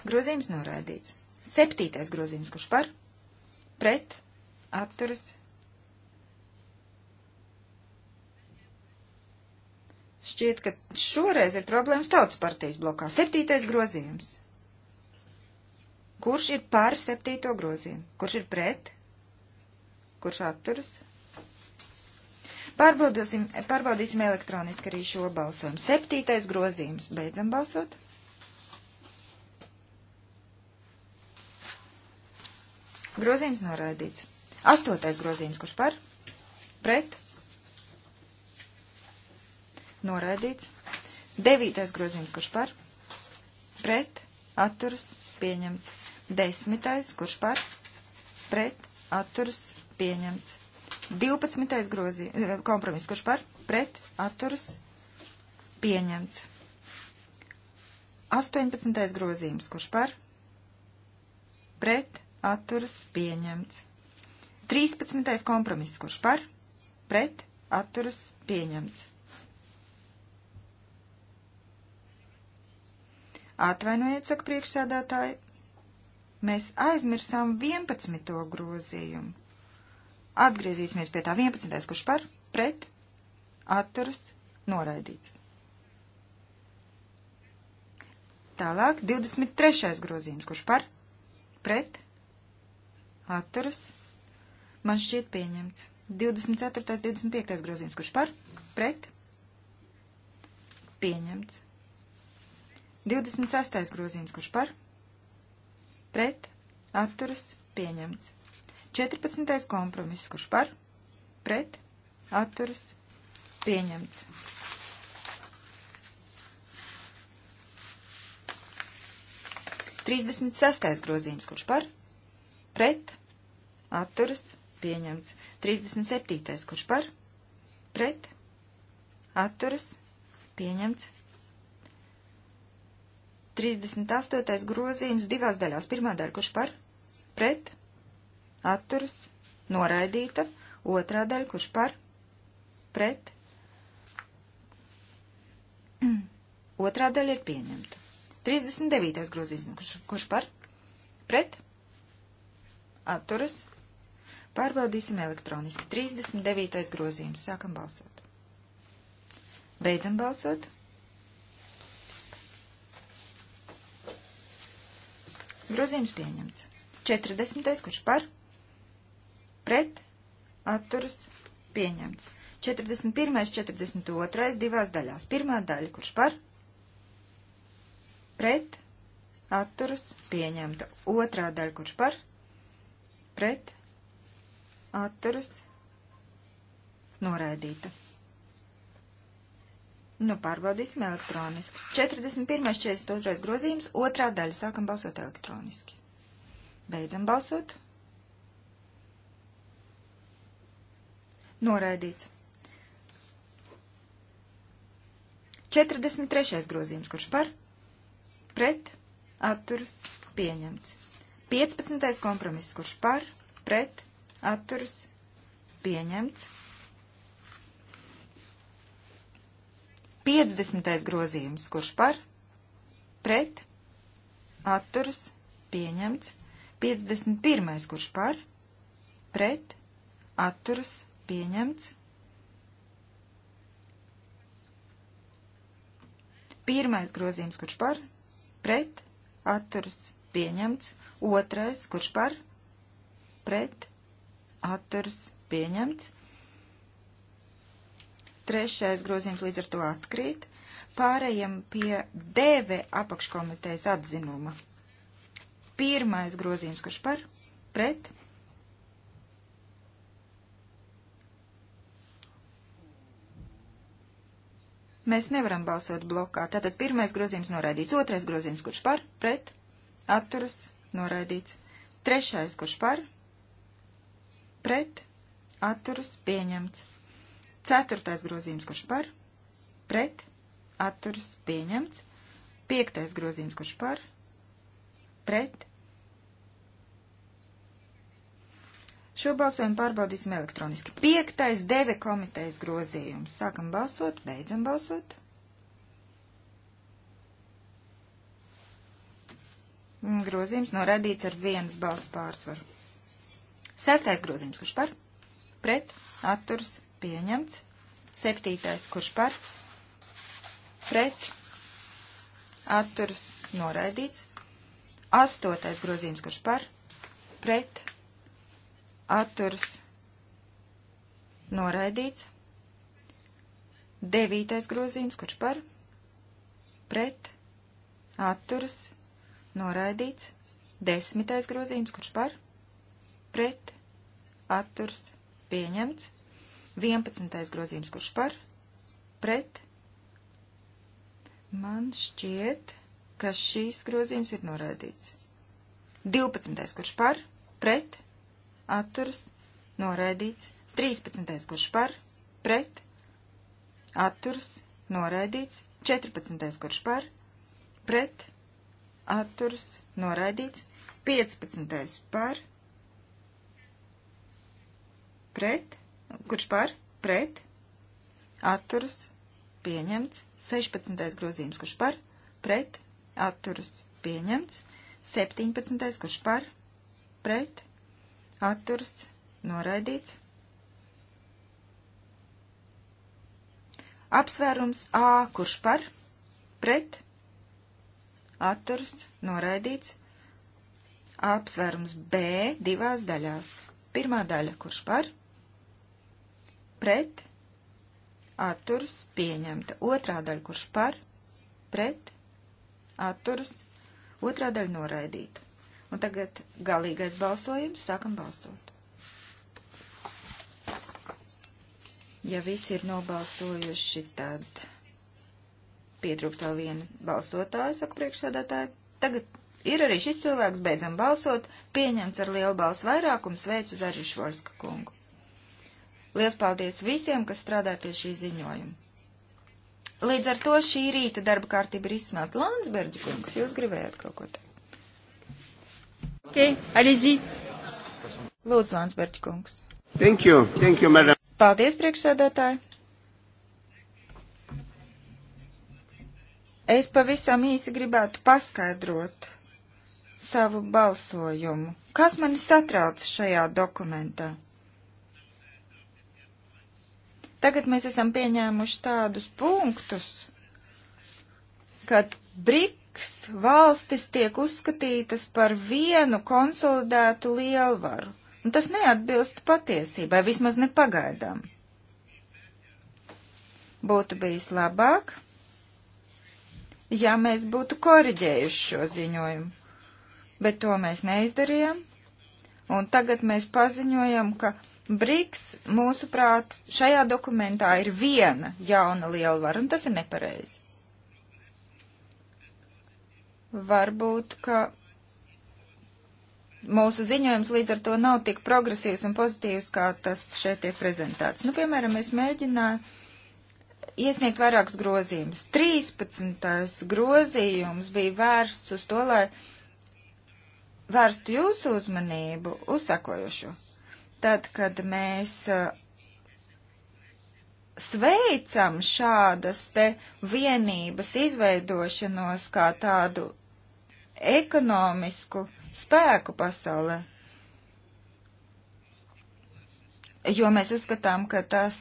Grozījums noraidīts. Septītais grozījums, kurš par, pret, atturas. Šķiet, ka šoreiz ir problēmas tautas partijas blokā. Septītais grozījums. Kurš ir par septīto grozījumu? Kurš ir pret? Kurš atturas? Pārbaudīsim elektroniski arī šo balsojumu. Septītais grozījums. Beidzam balsot. Grozījums noraidīts. Astotais grozījums, kurš par? Pret? Noraidīts. Devītais grozījums, kurš par? Pret? Atturas? Pieņemts. Desmitais, kurš par? Pret? Atturas? Pieņemts. Divpadsmitais grozījums, eh, kompromiss, kurš par? Pret? Atturas? Pieņemts. 18. grozījums, kurš par, pret, atturas pieņemts. 13. kompromiss, kurš par, pret, atturas pieņemts. Atvainojiet, saka priekšsēdētāji, mēs aizmirsām 11. grozījumu. Atgriezīsimies pie tā 11. kurš par, pret, atturas, noraidīts. Tālāk 23. grozījums, kurš par, pret, atturas, man šķiet pieņemts. 24. 25. grozījums, kurš par, pret, pieņemts. 26. grozījums, kurš par, pret, atturas, pieņemts. 14. kompromiss, kurš par, pret, atturas, pieņemts. 36. grozījums, kurš par, pret, atturas pieņemts. 37. kurš par, pret, atturas pieņemts. 38. grozījums divās daļās. Pirmā daļa, kurš par, pret, atturas, noraidīta. Otrā daļa, kurš par, pret. <clears throat> Otrā daļa ir pieņemta. 39. grozījums, kurš, kurš par, pret, atturas, noraidīta Pārbaudīsim elektroniski. 39. grozījums. Sākam balsot. Beidzam balsot. Grozījums pieņemts. 40. kurš par? Pret? Atturas? Pieņemts. 41. 42. divās daļās. Pirmā daļa, kurš par? Pret? Atturas? Pieņemta. Otrā daļa, kurš par? Pret? atturas noraidīta. Nu, pārbaudīsim elektroniski. 41. 42. grozījums, otrā daļa. Sākam balsot elektroniski. Beidzam balsot. Noraidīts. 43. grozījums, kurš par, pret, atturas, pieņemts. 15. kompromiss, kurš par, pret, atturas pieņemts. 50. grozījums, kurš par pret atturas pieņemts. 51. kurš par pret atturas pieņemts. Pirmais grozījums, kurš par, pret, atturas, pieņemts. Otrais, kurš par, pret, atturs pieņemts. Trešais grozījums līdz ar to atkrīt. Pārējiem pie DV apakškomitejas atzinuma. Pirmais grozījums, kurš par, pret. Mēs nevaram balsot blokā. Tātad pirmais grozījums noraidīts, otrais grozījums, kurš par, pret, atturas, noraidīts. Trešais, kurš par, pret pret, atturas pieņemts. Ceturtais grozījums, kurš par, pret, atturas pieņemts. Piektais grozījums, kurš par, pret. Šo balsojumu pārbaudīsim elektroniski. Piektais deve komitejas grozījums. Sākam balsot, beidzam balsot. Grozījums norādīts ar vienas balss pārsvaru. Sestais grozījums, kurš par? Pret atturs pieņemts. Septītais, kurš par? Pret atturs noraidīts. Astotais grozījums, kurš par? Pret atturs noraidīts. Devītais grozījums, kurš par pret atturas noraidīts. Desmitais grozījums, kurš par pret atturs pieņemts. 11. grozījums, kurš par pret. Man šķiet, ka šīs grozījums ir noraidīts. 12. kurš par pret atturs noraidīts. 13. kurš par pret atturs noraidīts. 14. kurš par pret atturs noraidīts. 15. par pret pret, kurš par, pret, atturas, pieņemts. 16. grozījums, kurš par, pret, atturas, pieņemts. 17. kurš par, pret, atturas, noraidīts. Apsvērums A, kurš par, pret, atturas, noraidīts. Apsvērums B divās daļās. Pirmā daļa, kurš par, pret pret, atturas pieņemta. Otrā daļa, kurš par, pret, atturas, otrā daļa noraidīta. Un tagad galīgais balsojums, sākam balsot. Ja visi ir nobalsojuši, tad pietrūkst vēl viena balsotāja, saka priekšsēdētāja. Tagad ir arī šis cilvēks, beidzam balsot, pieņemts ar lielu balsu vairākumu, sveicu Zaļu Švorska kungu. Lielas paldies visiem, kas strādā pie šī ziņojuma. Līdz ar to šī rīta darba kārtība ir izsmelta. Landsbergi kungs, jūs gribējāt kaut ko teikt? Ok, alizī. Lūdzu, Landsbergi kungs. Thank you, thank you, madam. Paldies, priekšsēdētāji. Es pavisam īsi gribētu paskaidrot savu balsojumu. Kas mani satrauc šajā dokumentā? Tagad mēs esam pieņēmuši tādus punktus, ka BRICS valstis tiek uzskatītas par vienu konsolidētu lielvaru. Un tas neatbilst patiesībai, vismaz ne pagaidām. Būtu bijis labāk, ja mēs būtu koriģējuši šo ziņojumu, bet to mēs neizdarījām, un tagad mēs paziņojam, ka BRICS, mūsuprāt, šajā dokumentā ir viena jauna lielvara, un tas ir nepareizi. Varbūt, ka mūsu ziņojums līdz ar to nav tik progresīvs un pozitīvs, kā tas šeit tiek prezentēts. Nu, piemēram, es mēģināju iesniegt vairākus grozījumus. 13. grozījums bija vērsts uz to, lai vērstu jūsu uzmanību uzsakojušo. Uz tad, kad mēs eh, sveicam šādas te vienības izveidošanos kā tādu ekonomisku spēku pasaulē. Jo mēs uzskatām, ka tas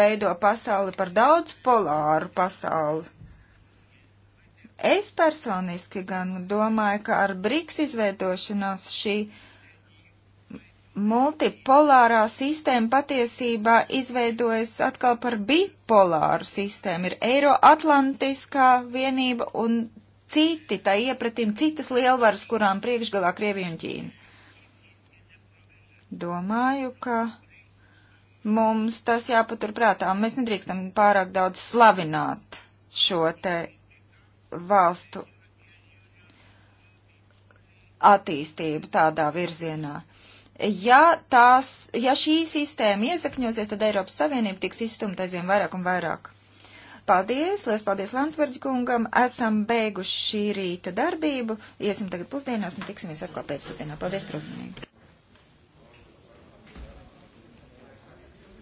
veido pasauli par daudz polāru pasauli. Es personiski gan domāju, ka ar Briks izveidošanos šī uh, multipolārā sistēma patiesībā izveidojas atkal par bipolāru sistēmu. Ir Eiroatlantiskā vienība un citi, tā iepratīm citas lielvaras, kurām priekšgalā Krievija un Ķīna. Domāju, ka mums tas jāpaturprātā. Mēs nedrīkstam pārāk daudz slavināt šo te valstu attīstību tādā virzienā. Ja, tās, ja šī sistēma iesakņosies, tad Eiropas Savienība tiks izstumta aizvien vairāk un vairāk. Paldies, liels paldies Lansverģi kungam, esam beiguši šī rīta darbību, iesim tagad pusdienās un tiksimies atkal pēcpusdienā. Paldies, prosmanīgi!